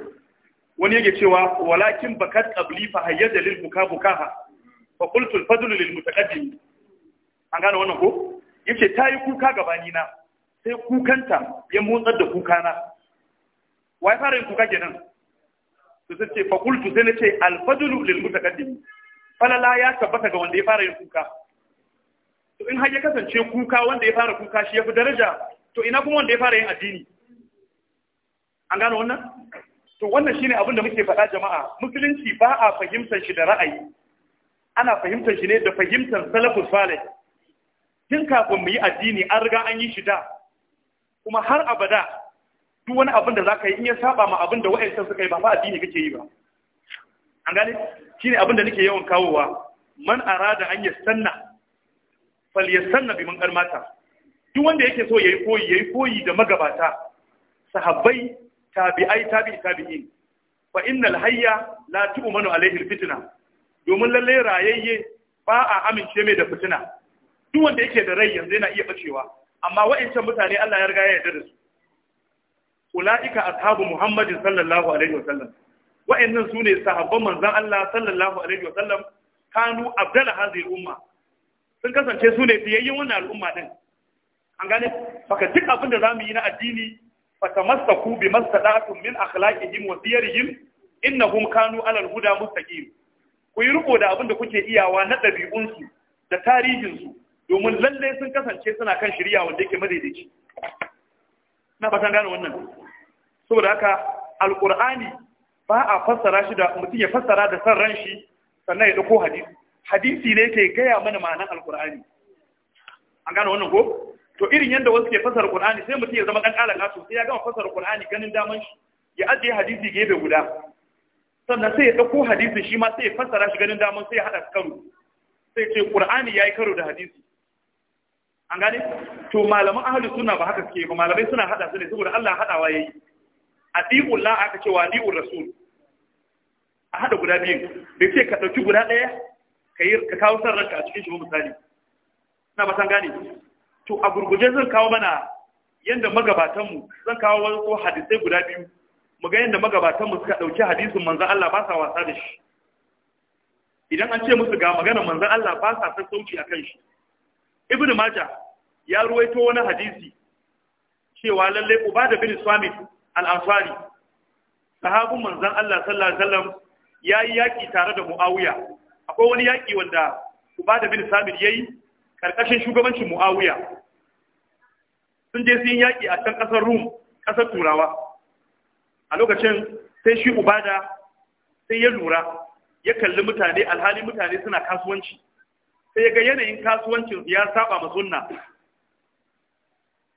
wani yake cewa walakin bakat qabli fa hayyada lil buka bukaha fa qultu al fadl lil mutaqaddim an gane wannan ko yace tayi kuka gabani na sai kukanta ya motsar da kuka na. wai fara yin kuka kenan to sai ce fa qultu sai nace al fadl lil mutaqaddim falala ya tabbata ga wanda ya fara yin kuka to in har ya kasance kuka wanda ya fara kuka shi ya daraja to ina kuma wanda ya fara yin addini an gano wannan to wannan shine abin da muke faɗa jama'a musulunci ba a fahimtar shi da ra'ayi ana fahimtar shi ne da fahimtar salafus salih tun kafin mu yi addini an riga an yi shi da kuma har abada duk wani abin da zaka yi in ya saba ma abin da wa'ancan suka yi ba ba addini kake yi ba an gane shine abin da nake yawan kawowa man arada an ya sanna, ya sanna bi man karmata duk wanda yake so yayi koyi yayi koyi da magabata sahabbai tabi'ai tabi'i tabi'in fa innal hayya la tu'manu alaihi alfitna domin lalle rayayye ba a amince mai da fitina duk wanda yake da rai yanzu yana iya bacewa amma wa'ancan mutane Allah ya riga ya yarda da su ulaika ashabu muhammadin sallallahu alaihi wasallam wa'annan su ne sahabban manzan Allah sallallahu alaihi wa sallam kanu abdala hadhihi umma sun kasance su ne fiyayyen wannan al'umma din an gane baka duk abin da zamu yi na addini ku bi masada'atum min akhlaqihim wa siyarihim innahum kanu alal huda mustaqim ku yi riko da abin da kuke iyawa na ɗabi'unsu da tarihinsu domin lalle sun kasance suna kan shirya wanda yake madaidaici na fatan gane wannan saboda haka alkur'ani ba a fassara shi da mutum ya fassara da san ran shi sannan ya dauko hadisi hadisi ne ke gaya mana ma'anar alkur'ani an gane wannan ko to irin yadda wasu ke fasara qur'ani sai mutum ya zama dan to sosai ya gama fasara qur'ani ganin daman shi ya ajiye hadisi gefe guda sannan sai ya dauko hadisi, shi ma sai ya fasara shi ganin daman sai ya hada karo sai ce ya yayi karo da hadisi an gane to malaman ahlus sunna ba haka suke ba malamai suna hada su ne saboda Allah hadawa yayi adiqul la aka ce wa adiqul rasul a haɗa guda biyun bai ce ka ɗauki guda ɗaya ka yi ka kawo san ranka a cikin shi misali ina ba san gane to a gurguje zan kawo mana yanda magabatanmu zan kawo wani ko hadisai guda biyu mu ga yanda magabatanmu suka ɗauki hadisin manzon Allah ba sa wasa da shi idan an ce musu ga maganar manzon Allah ba sa sassauci a kan shi ibnu majah ya ruwaito wani hadisi cewa lalle ubada bin swami al-ansari sahabin manzon Allah sallallahu alaihi wasallam ya yi yaƙi tare da mu'awiya akwai wani yaƙi wanda da bin samir ya yi ƙarƙashin shugabancin mu'awiya sun je sun yaƙi a can ƙasar rum ƙasar turawa a lokacin sai shi Uba da sai ya lura ya kalli mutane alhali mutane suna kasuwanci sai ya ga yanayin kasuwancin ya saba ma sunna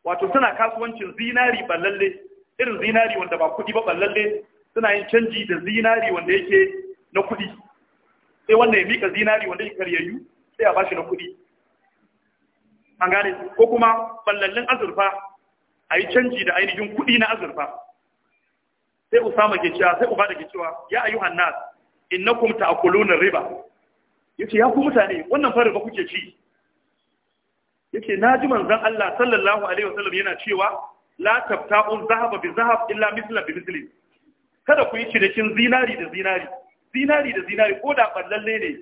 wato suna kasuwancin zinari ballalle irin zinari wanda ba kuɗi ba ballalle suna yin canji da zinari wanda yake na kuɗi sai wannan ya mika zinari wanda yake karyayyu sai a bashi na kuɗi an gane ko kuma ballallin azurfa a yi canji da ainihin kuɗi na azurfa sai usama ke cewa sai uba da ke cewa ya ayyuhan nas innakum ta'kuluna riba yace ya ku mutane wannan fara ba kuke ci ce na ji manzon Allah sallallahu alaihi wasallam yana cewa la tabta'u zahaba bi zahab illa mithla bi mithli kada ku yi cinikin zinari da zinari zinari da zinari ko da ballalle ne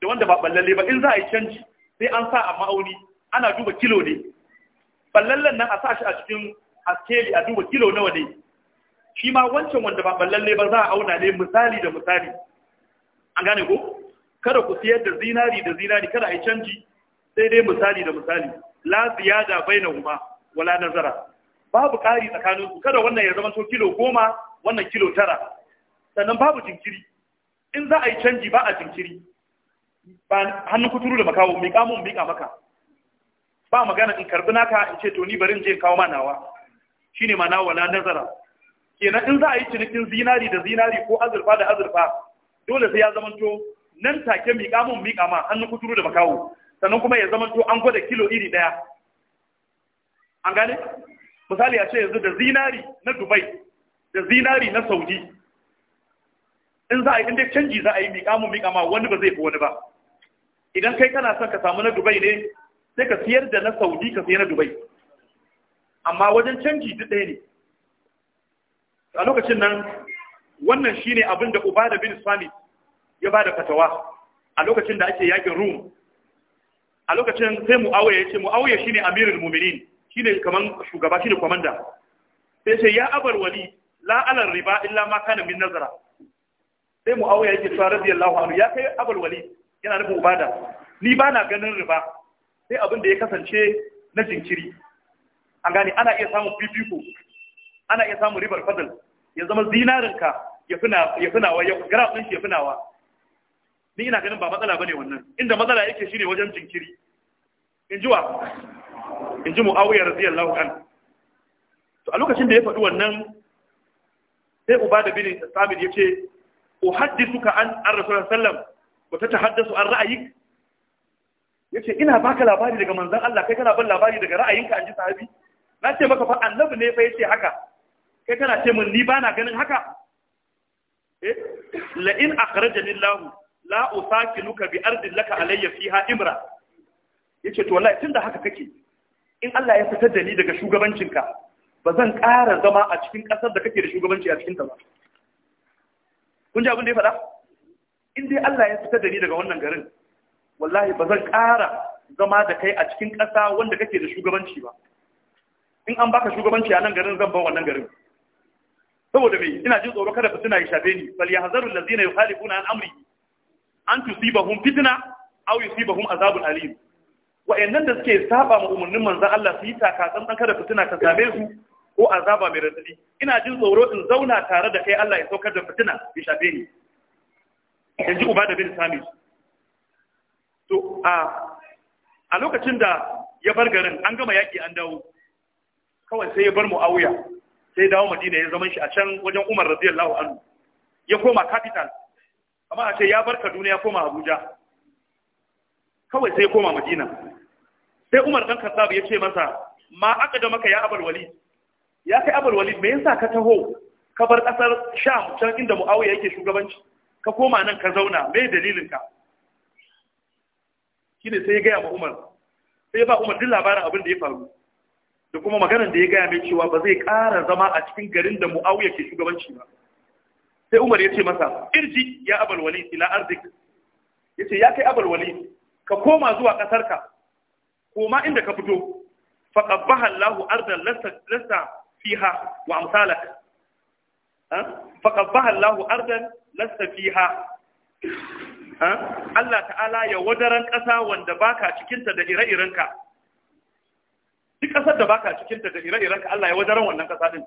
da wanda ba ballalle ba in za a yi canji sai an sa a ma'auni ana duba kilo ne ballallen nan a sa shi a cikin askeli a duba kilo nawa ne shi ma wancan wanda ba ballalle ba za a auna ne misali da misali an gane ko kada ku siyar da zinari da zinari kada a yi canji sai dai misali da misali la ziyada bainahuma wala nazara babu ƙari tsakaninsu kada wannan ya zama to kilo goma wannan kilo tara sannan babu jinkiri in za a yi canji ba a jinkiri ba hannun kuturu da makawo mai kamun mika maka ba magana in karbi naka in ce to ni barin je kawo ma nawa shine ma nawa na nazara kenan in za a yi cinikin zinari da zinari ko azurfa da azurfa dole sai ya zamanto nan take mai mun mika ma hannun kuturu da makawo sannan kuma ya zamanto an gwada kilo iri daya an gane misali a ce yanzu da zinari na dubai da zinari na saudi in za a yi inda canji za a yi miƙamun miƙama wani ba zai fi wani ba idan kai kana son ka samu na dubai ne sai ka siyar da na saudi ka siyar na dubai amma wajen canji duk ɗaya ne a lokacin nan wannan shi ne abin da ubada bin sami ya ba da fatawa a lokacin da ake yakin rum a lokacin sai mu'awiya ya ce mu'awiya shine amirul mu'minin ne kaman shugaba shi ne komanda sai ce ya abar wali la alal riba illa ma kana min nazara sai mu auya yake cewa radiyallahu anhu ya kai abul wali yana nufin ubada ni ba na ganin riba sai abin da ya kasance na jinkiri an gane ana iya samun fifiko ana iya samun ribar fadl ya zama zinarinka ya fina ya fina wa ya finawa ni ina ganin ba matsala bane wannan inda matsala yake shine wajen jinkiri in ji wa in ji mu'awiyya radiyallahu anhu to a lokacin da ya faɗi wannan sai uba da bin samir ya ce haddi an an rasulullah sallam ba ta ta haddasa an ra'ayi. Ya ce ina baka labari daga manzan Allah kai kana ban labari daga ra'ayinka ji sahabi na ce maka fa annabi ne fa ce haka kai kana ce mun ni ba na ganin haka eh la in akhrajani Allah la usakinuka bi ardin laka alayya fiha imra yace to wallahi tunda haka kake in Allah ya fitar da ni daga shugabancinka ba zan ƙara zama a cikin ƙasar da kake da shugabanci a cikinta ba kun ji abin da ya faɗa in dai Allah ya fitar da ni daga wannan garin wallahi ba zan ƙara zama da kai a cikin ƙasa wanda kake da shugabanci ba in an baka shugabanci a nan garin zan bar wannan garin saboda me ina jin tsoro kada fitina ya shafe ni bal ya allazina yukhalifuna an amri an tusibahum fitna aw yusibahum azabun alim wa'annan da suke saba ma umarnin manzan Allah su yi taka tsantsan kada fitina ka same su ko azaba mai radadi ina jin tsoro in zauna tare da kai Allah ya saukar da fitina ya shafe ni yanzu ji uba da bin sami to a a lokacin da ya bar garin an gama yaki an dawo kawai sai ya bar muawiya sai dawo madina ya zaman shi a can wajen umar radiyallahu anhu ya koma capital amma a ce ya bar kaduna ya koma abuja kawai sai ya koma madina sai umar dan kasabu ya ce masa ma aka da maka ya abal walid ya kai abul walid me yasa ka taho ka bar kasar sham can inda muawiya yake shugabanci ka koma nan ka zauna me dalilin ka kine sai ya gaya ma umar sai ya ba umar duk labarin abin da ya faru da kuma maganar da ya gaya mai cewa ba zai ƙara zama a cikin garin da muawiya ke shugabanci ba sai umar ya ce masa irji ya abul walid ila arzik yace ya kai abul walid ka koma zuwa kasarka koma inda ka fito faqabbaha Allahu ardan lasta fiha wa amsalak fa qabbaha Allahu ardan lasta fiha Allah ta'ala ya wadaran ƙasa wanda baka cikinta da ire-irenka duk ƙasar da baka cikinta da ire-irenka Allah ya wadaran wannan ƙasa din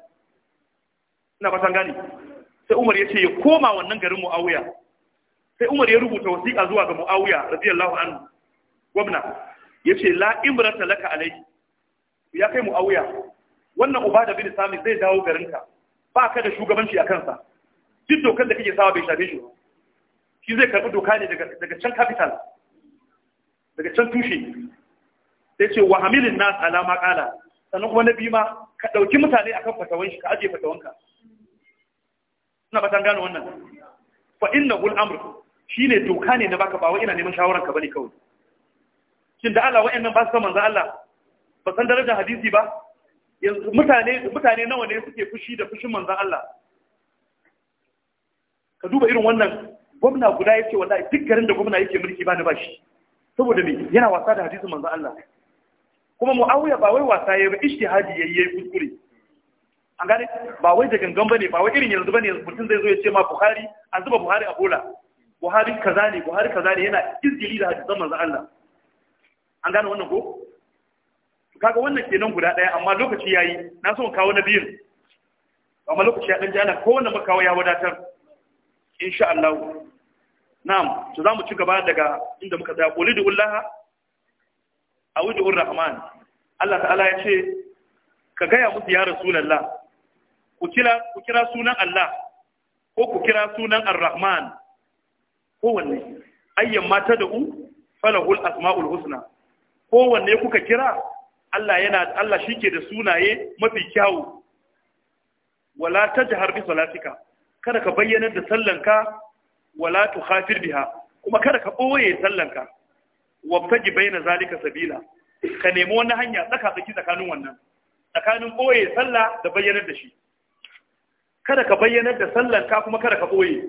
ina san gani sai Umar ya ce ya koma wannan garin Muawiya sai Umar ya rubuta wasiƙa zuwa ga Muawiya radiyallahu anhu gwamna ya ce la imrata laka alai ya kai Muawiya wannan uba da bin sami zai dawo garinka ba ka da shugabanci a kansa duk dokar da kake sawa bai shafe shi shi zai karɓi doka ne daga can capital daga can tushe sai ce wa hamilin nas alama kala sannan kuma na biyu ma ka ɗauki mutane akan fatawan shi ka ajiye fatawanka ina ba gano wannan fa inna hul amr shine doka ne na baka ba ina neman shawaran ka bane kawai shin da Allah wa'annan ba su san manzo Allah ba san darajar hadisi ba yanzu mutane mutane nawa ne suke fushi da fushin manzon Allah ka duba irin wannan gwamna guda yake wallahi duk garin da gwamna yake mulki ba ni ba shi saboda me yana wasa da hadisin manzon Allah kuma Muawiya ba wai wasa yayi ba ijtihadi yayi yayi kuskure an gane ba wai da gangan bane ba wai irin yanzu bane yanzu mutum zai zo ya ce ma Buhari an zuba Buhari a bola Buhari kaza ne Buhari kaza ne yana izgili da hadisin manzon Allah an gane wannan ko kaga wannan kenan guda ɗaya amma lokaci yayi na so kawo na biyun amma lokaci ya dan jana kowanne kawo ya wadatar insha Allah na'am to zamu ci gaba daga inda muka tsaya qulidu idullah awudu rahman Allah ta'ala ya ce ka gaya musu ya rasulullah ku kira ku kira sunan Allah ko ku kira sunan ar-rahman kowanne ayyamma ta da falahul asma'ul husna kowanne kuka kira Allah yana Allah shike da sunaye mafi kyawu wala tajhar bi salatika kada ka bayyana da sallanka wala tukhafir biha kuma kada ka boye sallanka wabtaji baina zalika sabila ka nemi wani hanya tsaka tsaki tsakanin wannan tsakanin boye sallah da bayyana da shi kada ka bayyana da sallanka kuma kada ka boye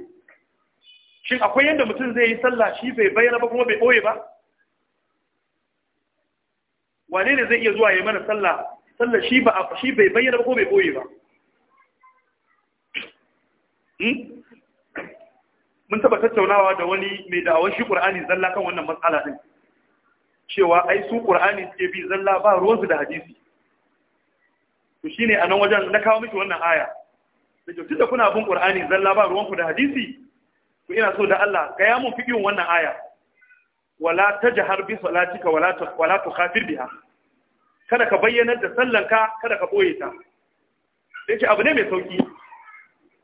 shin akwai yanda mutum zai yi sallah shi bai bayyana ba kuma bai boye ba wane ne zai iya zuwa ya mana sallah sallah shi ba shi bai bayyana ba ko bai boye ba hmm? mun taba tattaunawa da wani mai da'awar shi qur'ani zalla kan wannan matsala din cewa ai su qur'ani suke bi zalla ba ruwansu da hadisi to shine a nan wajen na kawo miki wannan aya da ke da kuna bin qur'ani zalla ba ruwanku da hadisi ku ina so da Allah ga ya mun fiqhin wannan aya wala tajhar bi salatika wala wala tukhafir biha kada ka bayyana da sallanka kada ka boye ta yace abu ne mai sauki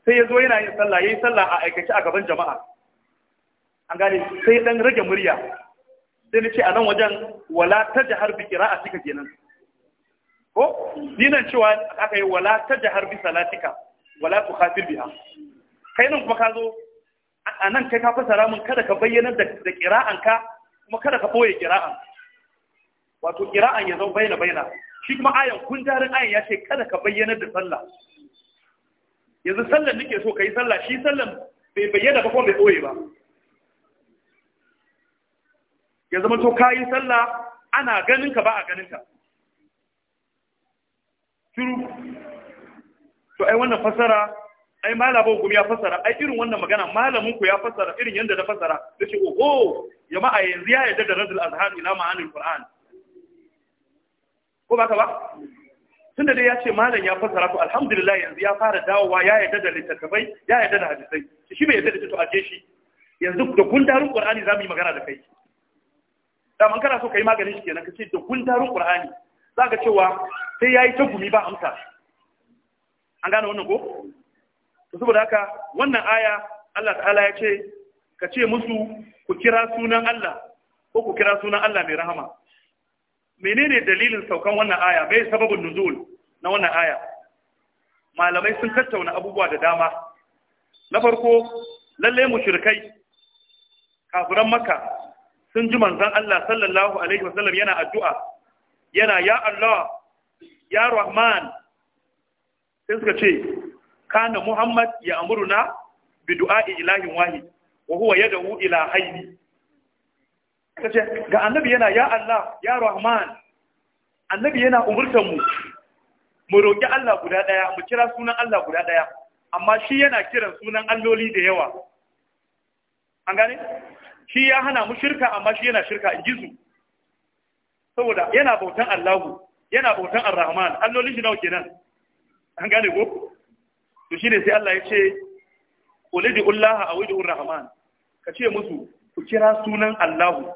sai yazo yana yin sallah yi sallah a aikace a gaban jama'a an gane sai dan rage murya sai nace a nan wajen wala ta tajhar bi qira'atika kenan ko dinan cewa aka yi wala ta jihar bi salatika wala tukhafir biha kai nan kuma ka zo a nan kai ka fasara min kada ka bayyana da kira'anka kuma kada ka boye kira'an wato kira'an ya zama bayyana bayyana shi kuma ayan kun jarin ayan ya ce kada ka bayyana da sallah yanzu sallan nake so ka yi sallah shi sallan bai bayyana ba ko bai boye ba ya zama to ka yi sallah ana ganin ka ba a ganin ka shiru to ai wannan fasara ai malamin ku ya fassara ai irin wannan magana malamin ku ya fassara irin yanda da fassara yace ce oho jama'a yanzu ya yarda da radul azhar ila ma'anil qur'an ko baka ba tunda dai yace malam ya fassara to alhamdulillah yanzu ya fara dawowa ya yarda da littattafai ya yarda da hadisai shi bai yadda da to aje shi yanzu da tarun qur'ani zamu yi magana da kai da man kana so kai maganin shi kenan kace da tarun qur'ani zaka cewa sai yayi ta gumi ba amsa an gane wannan ko saboda haka wannan aya Allah ta'ala ya ce ka ce musu ku kira sunan Allah ko ku kira sunan Allah mai rahama menene dalilin saukan wannan aya mai sababin nuzul na wannan aya malamai sun tattauna abubuwa da dama na farko lalle mushrikai kafiran makka sun ji manzon Allah sallallahu alaihi wasallam yana addu'a yana ya Allah ya Rahman sai suka ce kana muhammad ya amuruna bi du'a'i ilahin wahid wa huwa yad'u ila hayni kace ga annabi yana ya Allah ya Rahman annabi yana umurtan mu mu roki Allah guda daya mu kira sunan Allah guda daya amma shi yana kiran sunan alloli da yawa an gane shi ya hana mu shirka amma shi yana shirka in jisu saboda yana bautan Allahu yana bautan Ar-Rahman allolin shi nawa kenan an gane ko to shine sai Allah ya ce ulidi ullaha awidu rahman ka ce musu ku kira sunan Allahu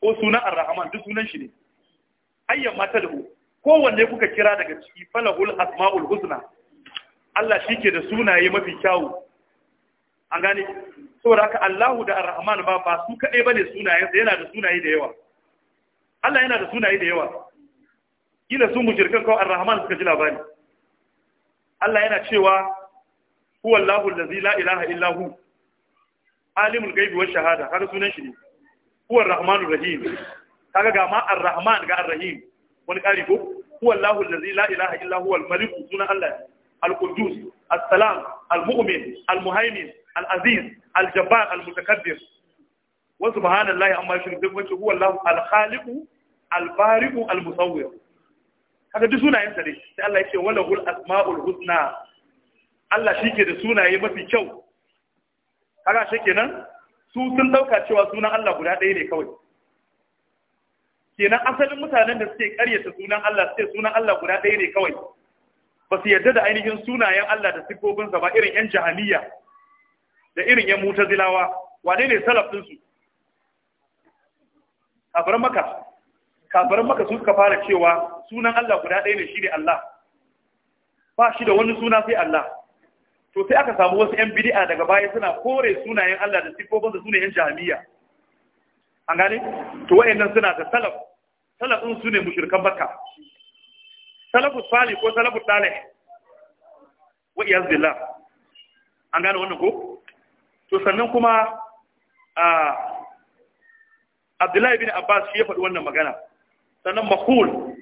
ko sunan ar-rahman duk sunan shi ne ayyan ko kowanne kuka kira daga ciki falahul asmaul husna Allah shi ke da sunaye mafi kyawu an gane saboda haka Allahu da Ar-Rahman ba ba su kadai bane sunayen sa yana da sunaye da yawa Allah yana da sunaye da yawa kila sun mujirkan kawai Ar-Rahman suka ji labari Allah yana cewa huwa Allahu allazi la ilaha illa hu alimul ghaibi wash shahada haka sunan shi ne huwa ar rahim kaga ga ma ar-rahman ga ar-rahim wani kari ko huwa Allahu allazi la ilaha illa hu! al-malik sunan Allah al-qudus as-salam al-mu'min al-muhaymin al-aziz al-jabbar al-mutakabbir wa subhanallahi amma yushrikun wace huwa Allahu al-khaliqu al-bari'u al-musawwir kaga duk sunayen sa ne sai Allah ya ce wala hul asmaul husna Allah shi ke da sunaye mafi kyau haka shi kenan su sun dauka cewa sunan Allah guda ɗaya ne kawai kenan asalin mutanen da suke karyata sunan Allah suke sunan Allah guda ɗaya ne kawai ba su yarda da ainihin sunayen Allah da siffofinsa ba irin 'yan jahaniya da irin 'yan zilawa? wane ne salaf ɗinsu kafiran maka maka su suka fara cewa sunan Allah guda ɗaya ne ne Allah ba shi da wani suna sai Allah to sai aka samu wasu 'yan bidi’a daga baya suna kore sunayen Allah da sifofin da sunayen jami'a an gane to wayannan suna da salaf salafin su ne mushrikan bakka salafu salih ko salafu salih wa iyaz an gane wannan ko to sannan kuma a Abdullahi bin Abbas shi ya faɗi wannan magana sannan Makul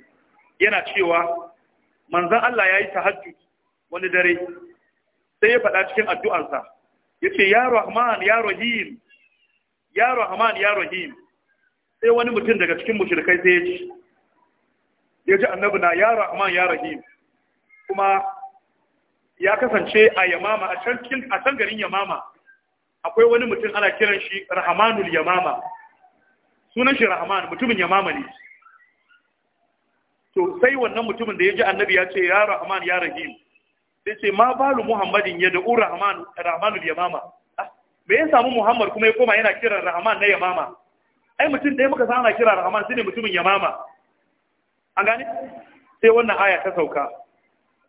yana cewa manzon Allah yayi tahajjud wani dare sai ya faɗa cikin addu'arsa ce, ya rahman ya rahim ya rahman ya rahim sai wani mutum daga cikin mushirkai sai ya ce, ya ji annabi na ya rahman ya rahim kuma ya kasance a yamama a can a can garin yamama akwai wani mutum ana kiran shi rahmanul yamama sunan shi rahman mutumin yamama ne to sai wannan mutumin da ya ji annabi ya ce ya rahman ya rahim sai ce ma balu muhammadin ya da'u Rahmanu ya yamama ah, me ya samu muhammad kuma ya koma yana kiran rahman na yamama ai mutum dai muka sana kira rahman shine mutumin yamama an gane sai wannan aya ta sauka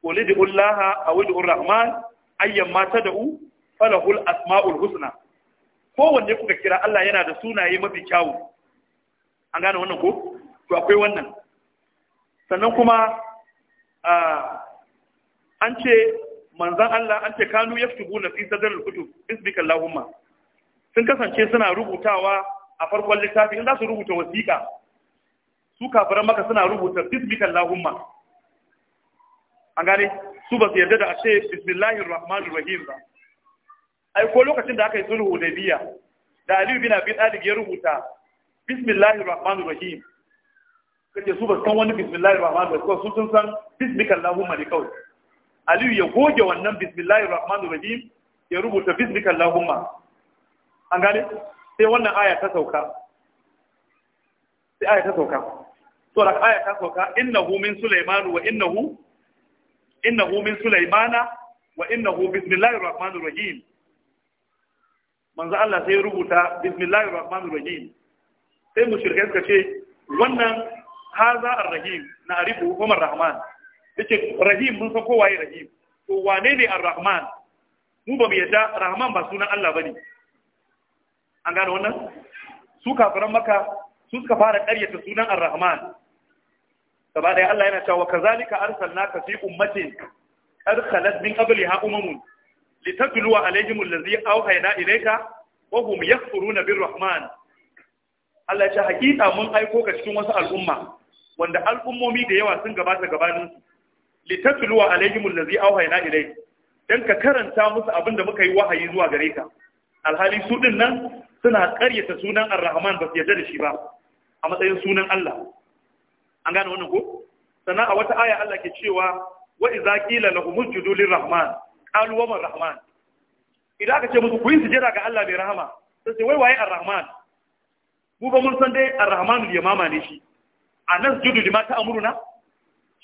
qul da ullaha aw ud'u rahman ayyan ma tad'u falahul asma'ul husna kowanne kuka kira Allah yana da sunaye mafi kyawu an gane wannan ko to akwai wannan sannan kuma a ah, an ce manzan Allah an ce kanu ya fi sadrul kutub isbika allahumma sun kasance suna rubutawa a farkon littafi in za su rubuta wasiƙa su kafiran maka suna rubuta bismika allahumma an gane su ba su yarda da a ce bismillahir rahmanir rahim ba ai ko lokacin da aka yi sulhu da biya da aliyu bin abi ya rubuta bismillahir rahmanir rahim kace su ba san wani bismillahir rahmanir rahim ko sun san bismika ne kawai aliyu ya goge wannan bismillahir rahmanir rahim ya rubuta bismika allahumma an gane sai wannan aya ta sauka sai aya ta sauka to da aya ta sauka innahu min sulaimanu wa innahu innahu min sulaimana wa innahu bismillahir rahmanir rahim manzo Allah sai rubuta bismillahir rahmanir rahim sai mushrikai suka ce wannan haza ar-rahim na arifu kuma rahman yace rahim mun san kowaye rahim to wane ne ar-rahman mu ba mu yadda rahman ba sunan Allah bane an gane wannan su kafiran maka su suka fara ƙaryata sunan ar-rahman gaba ɗaya Allah yana cewa kazalika arsalnaka fi ummatin qad khalat min qabliha umamun litatluwa alaihim allazi awhayna ilayka wa hum yakfuruna birrahman Allah ya hakika mun aiko ka cikin wasu al'umma wanda al'ummomi da yawa sun gabata gabaninsu. litatluwa alaihim allazi awhayna ilayk dan ka karanta musu abin da muka yi wahayi zuwa gare ka alhali su din nan suna karyata sunan ar-rahman ba su yarda da shi ba a matsayin sunan Allah an gane wannan ko sannan a wata aya Allah ke cewa wa idza qila lahum usjudu lir-rahman qalu wa rahman idan aka ce musu ku yi sujada ga Allah mai rahama sai ce wai waye ar-rahman mu ba mun san dai ar-rahman al-yamama ne shi anas judu lima ta amuruna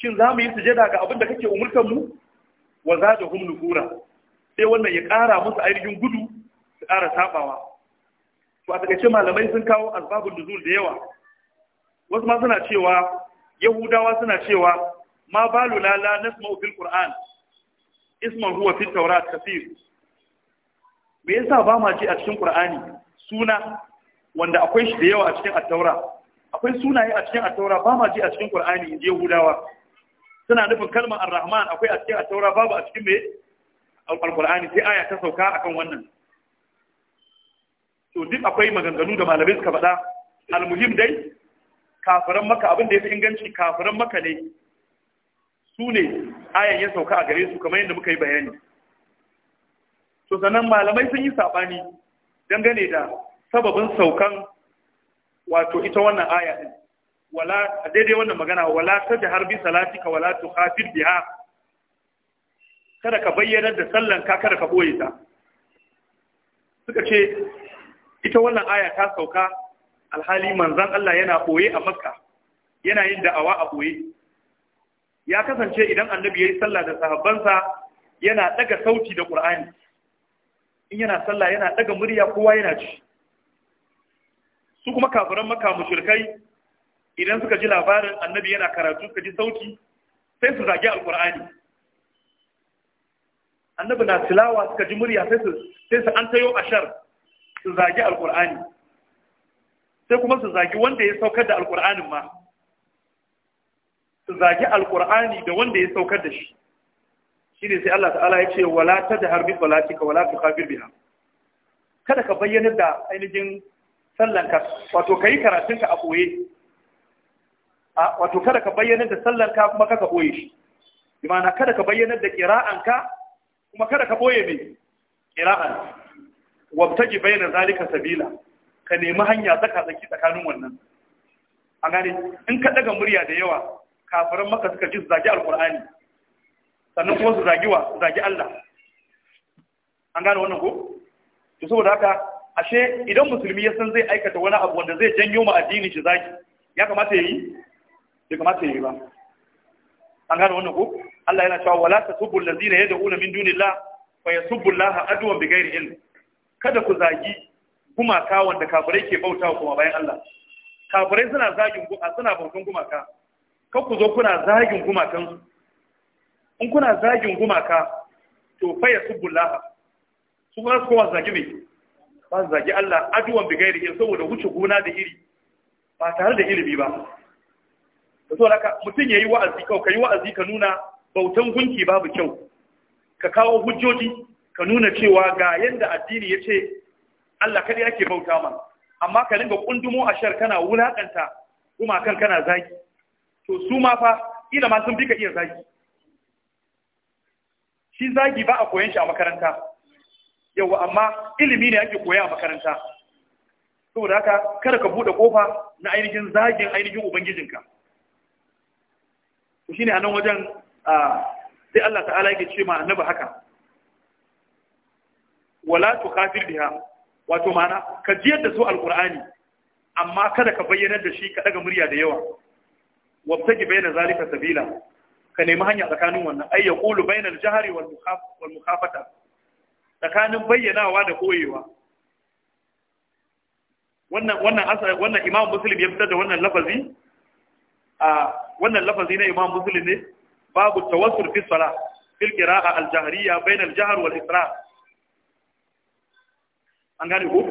shin za mu yi sujada ga abin da kake umurtar mu wa za da hum nufura sai wannan ya ƙara musu ainihin gudu su ƙara sabawa to a takaice malamai sun kawo asbabun nuzul da yawa wasu ma suna cewa yahudawa suna cewa ma balu la la nasma'u fil qur'an isman huwa fit tawrat kathir me yasa ba ma ji a cikin qur'ani suna wanda akwai shi da yawa a cikin at-taura akwai sunaye a cikin at-taura ba ma ji a cikin qur'ani in yahudawa suna nufin kalmar ar-rahman akwai a cikin at-taura babu a cikin mai al-qur'ani sai aya ta sauka akan wannan to duk akwai maganganu da malamai suka faɗa al-muhim dai kafiran maka abin da fi inganci kafiran maka ne su ne ayan ya sauka a gare su kamar yadda muka yi bayani to sannan malamai sun yi saɓani dangane da sababin saukan wato ita wannan aya din wala daidai wannan magana wala ta da harbi ka wala tu khafir biha kada ka bayyana da sallan ka kada ka boye ta suka ce ita wannan aya ta sauka alhali manzon Allah yana boye a Makka yana yin da'awa a boye ya kasance idan annabi yayi sallah da sahabbansa yana daga sauti da Qur'ani in yana sallah yana daga murya kowa yana ci su kuma kafiran Makka mushrikai idan suka ji labarin annabi yana karatu suka ji sauki sai su zagi alkur'ani annabi na tilawa suka ji murya sai su sai su an tayo ashar su zage alkur'ani sai kuma su zage wanda ya saukar da alkur'anin ma su zage alkur'ani da wanda ya saukar da shi shine sai Allah ta'ala ya ce wala tadhar bi salatika wala tukhabir biha kada ka bayyana da ainihin sallanka wato kai karatunka a boye wato kada ka bayyana da sallar ka kuma kaka boye shi imana kada ka bayyana da qira'an ka kuma kada ka boye mai qira'an wabtaji bayyana zalika sabila ka nemi hanya tsaka tsaki tsakanin wannan an gane in ka daga murya da yawa kafiran maka suka ji zagi alqur'ani sannan kuma su zagi wa zagi Allah an gane wannan ko to saboda haka ashe idan musulmi ya san zai aikata wani abu wanda zai janyo ma addini shi zagi ya kamata ya yi bai ma ya yi ba an gane wannan ku? Allah yana cewa wala tasubbu allazina yad'una min dunillah fa yasubbu Allah adwan bighairi ilm kada ku zagi gumaka wanda kafirai ke bautawa kuma bayan Allah kafirai suna zagin suna bautan gumaka kar ku zo kuna zagin gumakan in kuna zagin gumaka to fa yasubbu Allah su kuma kowa zagi me ba zagi Allah adwan bighairi ilm saboda wuce gona da iri ba tare da ilimi ba da so haka mutum yayi wa'azi kau kai wa'azi ka nuna bautan gunki babu kyau ka kawo hujjoji ka nuna cewa ga yadda addini ya ce Allah kaɗai ake bauta ma amma ka dinga kundumo a shar kana wulakanta kuma kan kana zagi to su ma fa ina ma sun bi ka iya zagi shi zagi ba a koyan shi a makaranta yawa amma ilimi ne ake koya a makaranta saboda haka kada ka buɗe kofa na ainihin zagin ainihin ubangijinka Shi ne a nan wajen sai Allah ta'ala yake ce ma annabi haka wala kafir biha wato mana ka jiyar da su alqur'ani amma kada ka bayyana da shi ka daga murya da yawa wabtaki bayna zalika sabila ka nemi hanya tsakanin wannan ay yaqulu bayna al-jahri wal mukhafata tsakanin bayyanawa da koyewa wannan wannan asa wannan imamu muslim ya fitar da wannan lafazi a wannan lafazi na imam muslim ne babu tawassul fi sala fil qira'a al jahriya bain al jahr wal isra an gane ko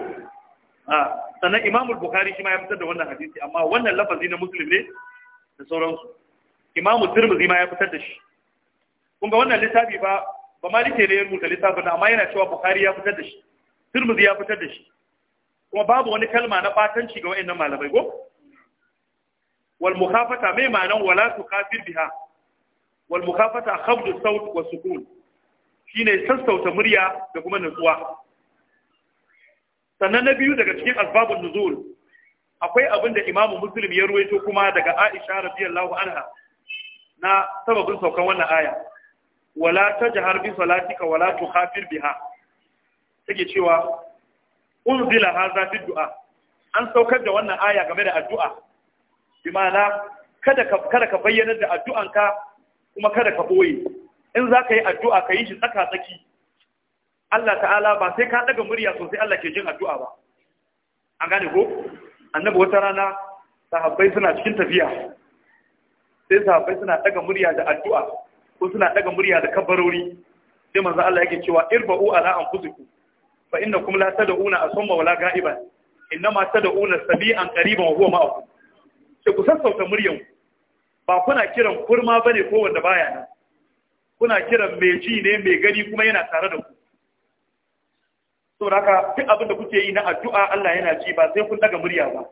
a sannan imam al-bukhari shi ma ya fitar da wannan hadisi amma wannan lafazi na muslim ne da sauransu imam tirmidhi ma ya fitar da shi kun ga wannan littafi ba ba malike ne ya rubuta littafin amma yana cewa bukhari ya fitar da shi tirmidhi ya fitar da shi kuma babu wani kalma na batanci ga wayannan malamai ko Walmukafata mai ma'anan wala su kafir biha walmukafata mukhafata khafdu saut wa sukun shine sassauta murya da kuma nutsuwa sannan na biyu daga cikin asbabun nuzul akwai abin da imamu muslim ya ruwaito kuma daga aisha radiyallahu anha na sababin saukan wannan aya wala tajhar bi salatika wala tukhafir biha take cewa unzila hadha fi du'a an saukar da wannan aya game da addu'a bi ma'ana kada ka kada ka bayyana da addu'anka kuma kada ka boye in za ka yi addu'a ka yi shi tsaka tsaki Allah ta'ala ba sai ka daga murya sosai Allah ke jin addu'a ba an gane ko annabi wata rana sahabbai suna cikin tafiya sai sahabbai suna daga murya da addu'a ko suna daga murya da kabarori sai manzo Allah yake cewa irba'u ala anfusikum fa innakum la tad'una asma wala ga'iban innama tad'una sabi'an qariban wa huwa ma'akum ce ku sassauta muryan ba kuna kiran kurma bane ne wanda baya nan kuna kiran mai ji ne mai gani kuma yana tare da ku to haka duk abin da kuke yi na addu'a Allah yana ji ba sai kun daga murya ba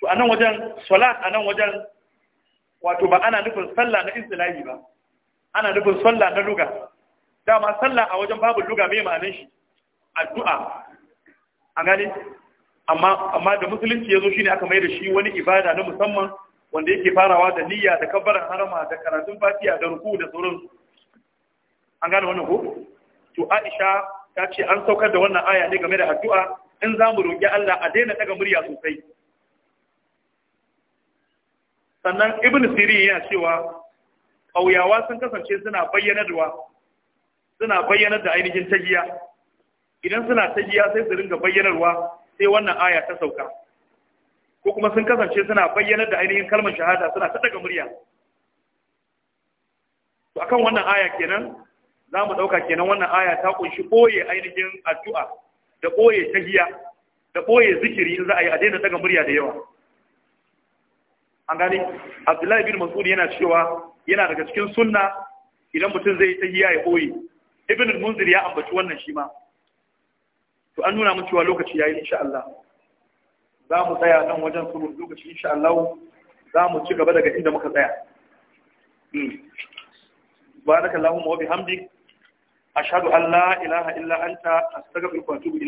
to a nan wajen salat a wajen wato ba ana nufin sallah na istilahi ba ana nufin sallah na luga dama sallah a wajen babu luga mai ma'anin shi addu'a a gani amma da musulunci ya zo shine aka mai da shi wani ibada na musamman wanda yake farawa da niyya da kabbaran harama da karatun fatiya da ruku da sauransu an gane wannan ko to Aisha ta ce an saukar da wannan aya ne game da addu'a in za mu roƙi Allah a daina daga murya sosai sannan ibn siri yana cewa ƙauyawa sun kasance suna bayyanarwa suna bayyanar da ainihin tagiya idan suna tagiya sai su ringa bayyanarwa sai wannan aya ta sauka ko kuma sun kasance suna bayyanar da ainihin kalmar shahada suna ta daga murya to akan wannan aya kenan za mu ɗauka kenan wannan aya ta kunshi ɓoye ainihin addu'a da ɓoye tahiya da ɓoye zikiri in za a yi a daina daga murya da yawa an gani abdullahi bin masud yana cewa yana daga cikin sunna idan mutum zai yi tahiya ya ɓoye ibn munzir ya ambaci wannan shi ma to an nuna mun cewa lokaci yayi insha Allah za mu tsaya nan wajen surun lokaci insha Allah za mu ci gaba daga inda muka tsaya hmm. barakallahu wa bihamdik ashhadu an la ilaha illa anta astaghfiruka wa atubu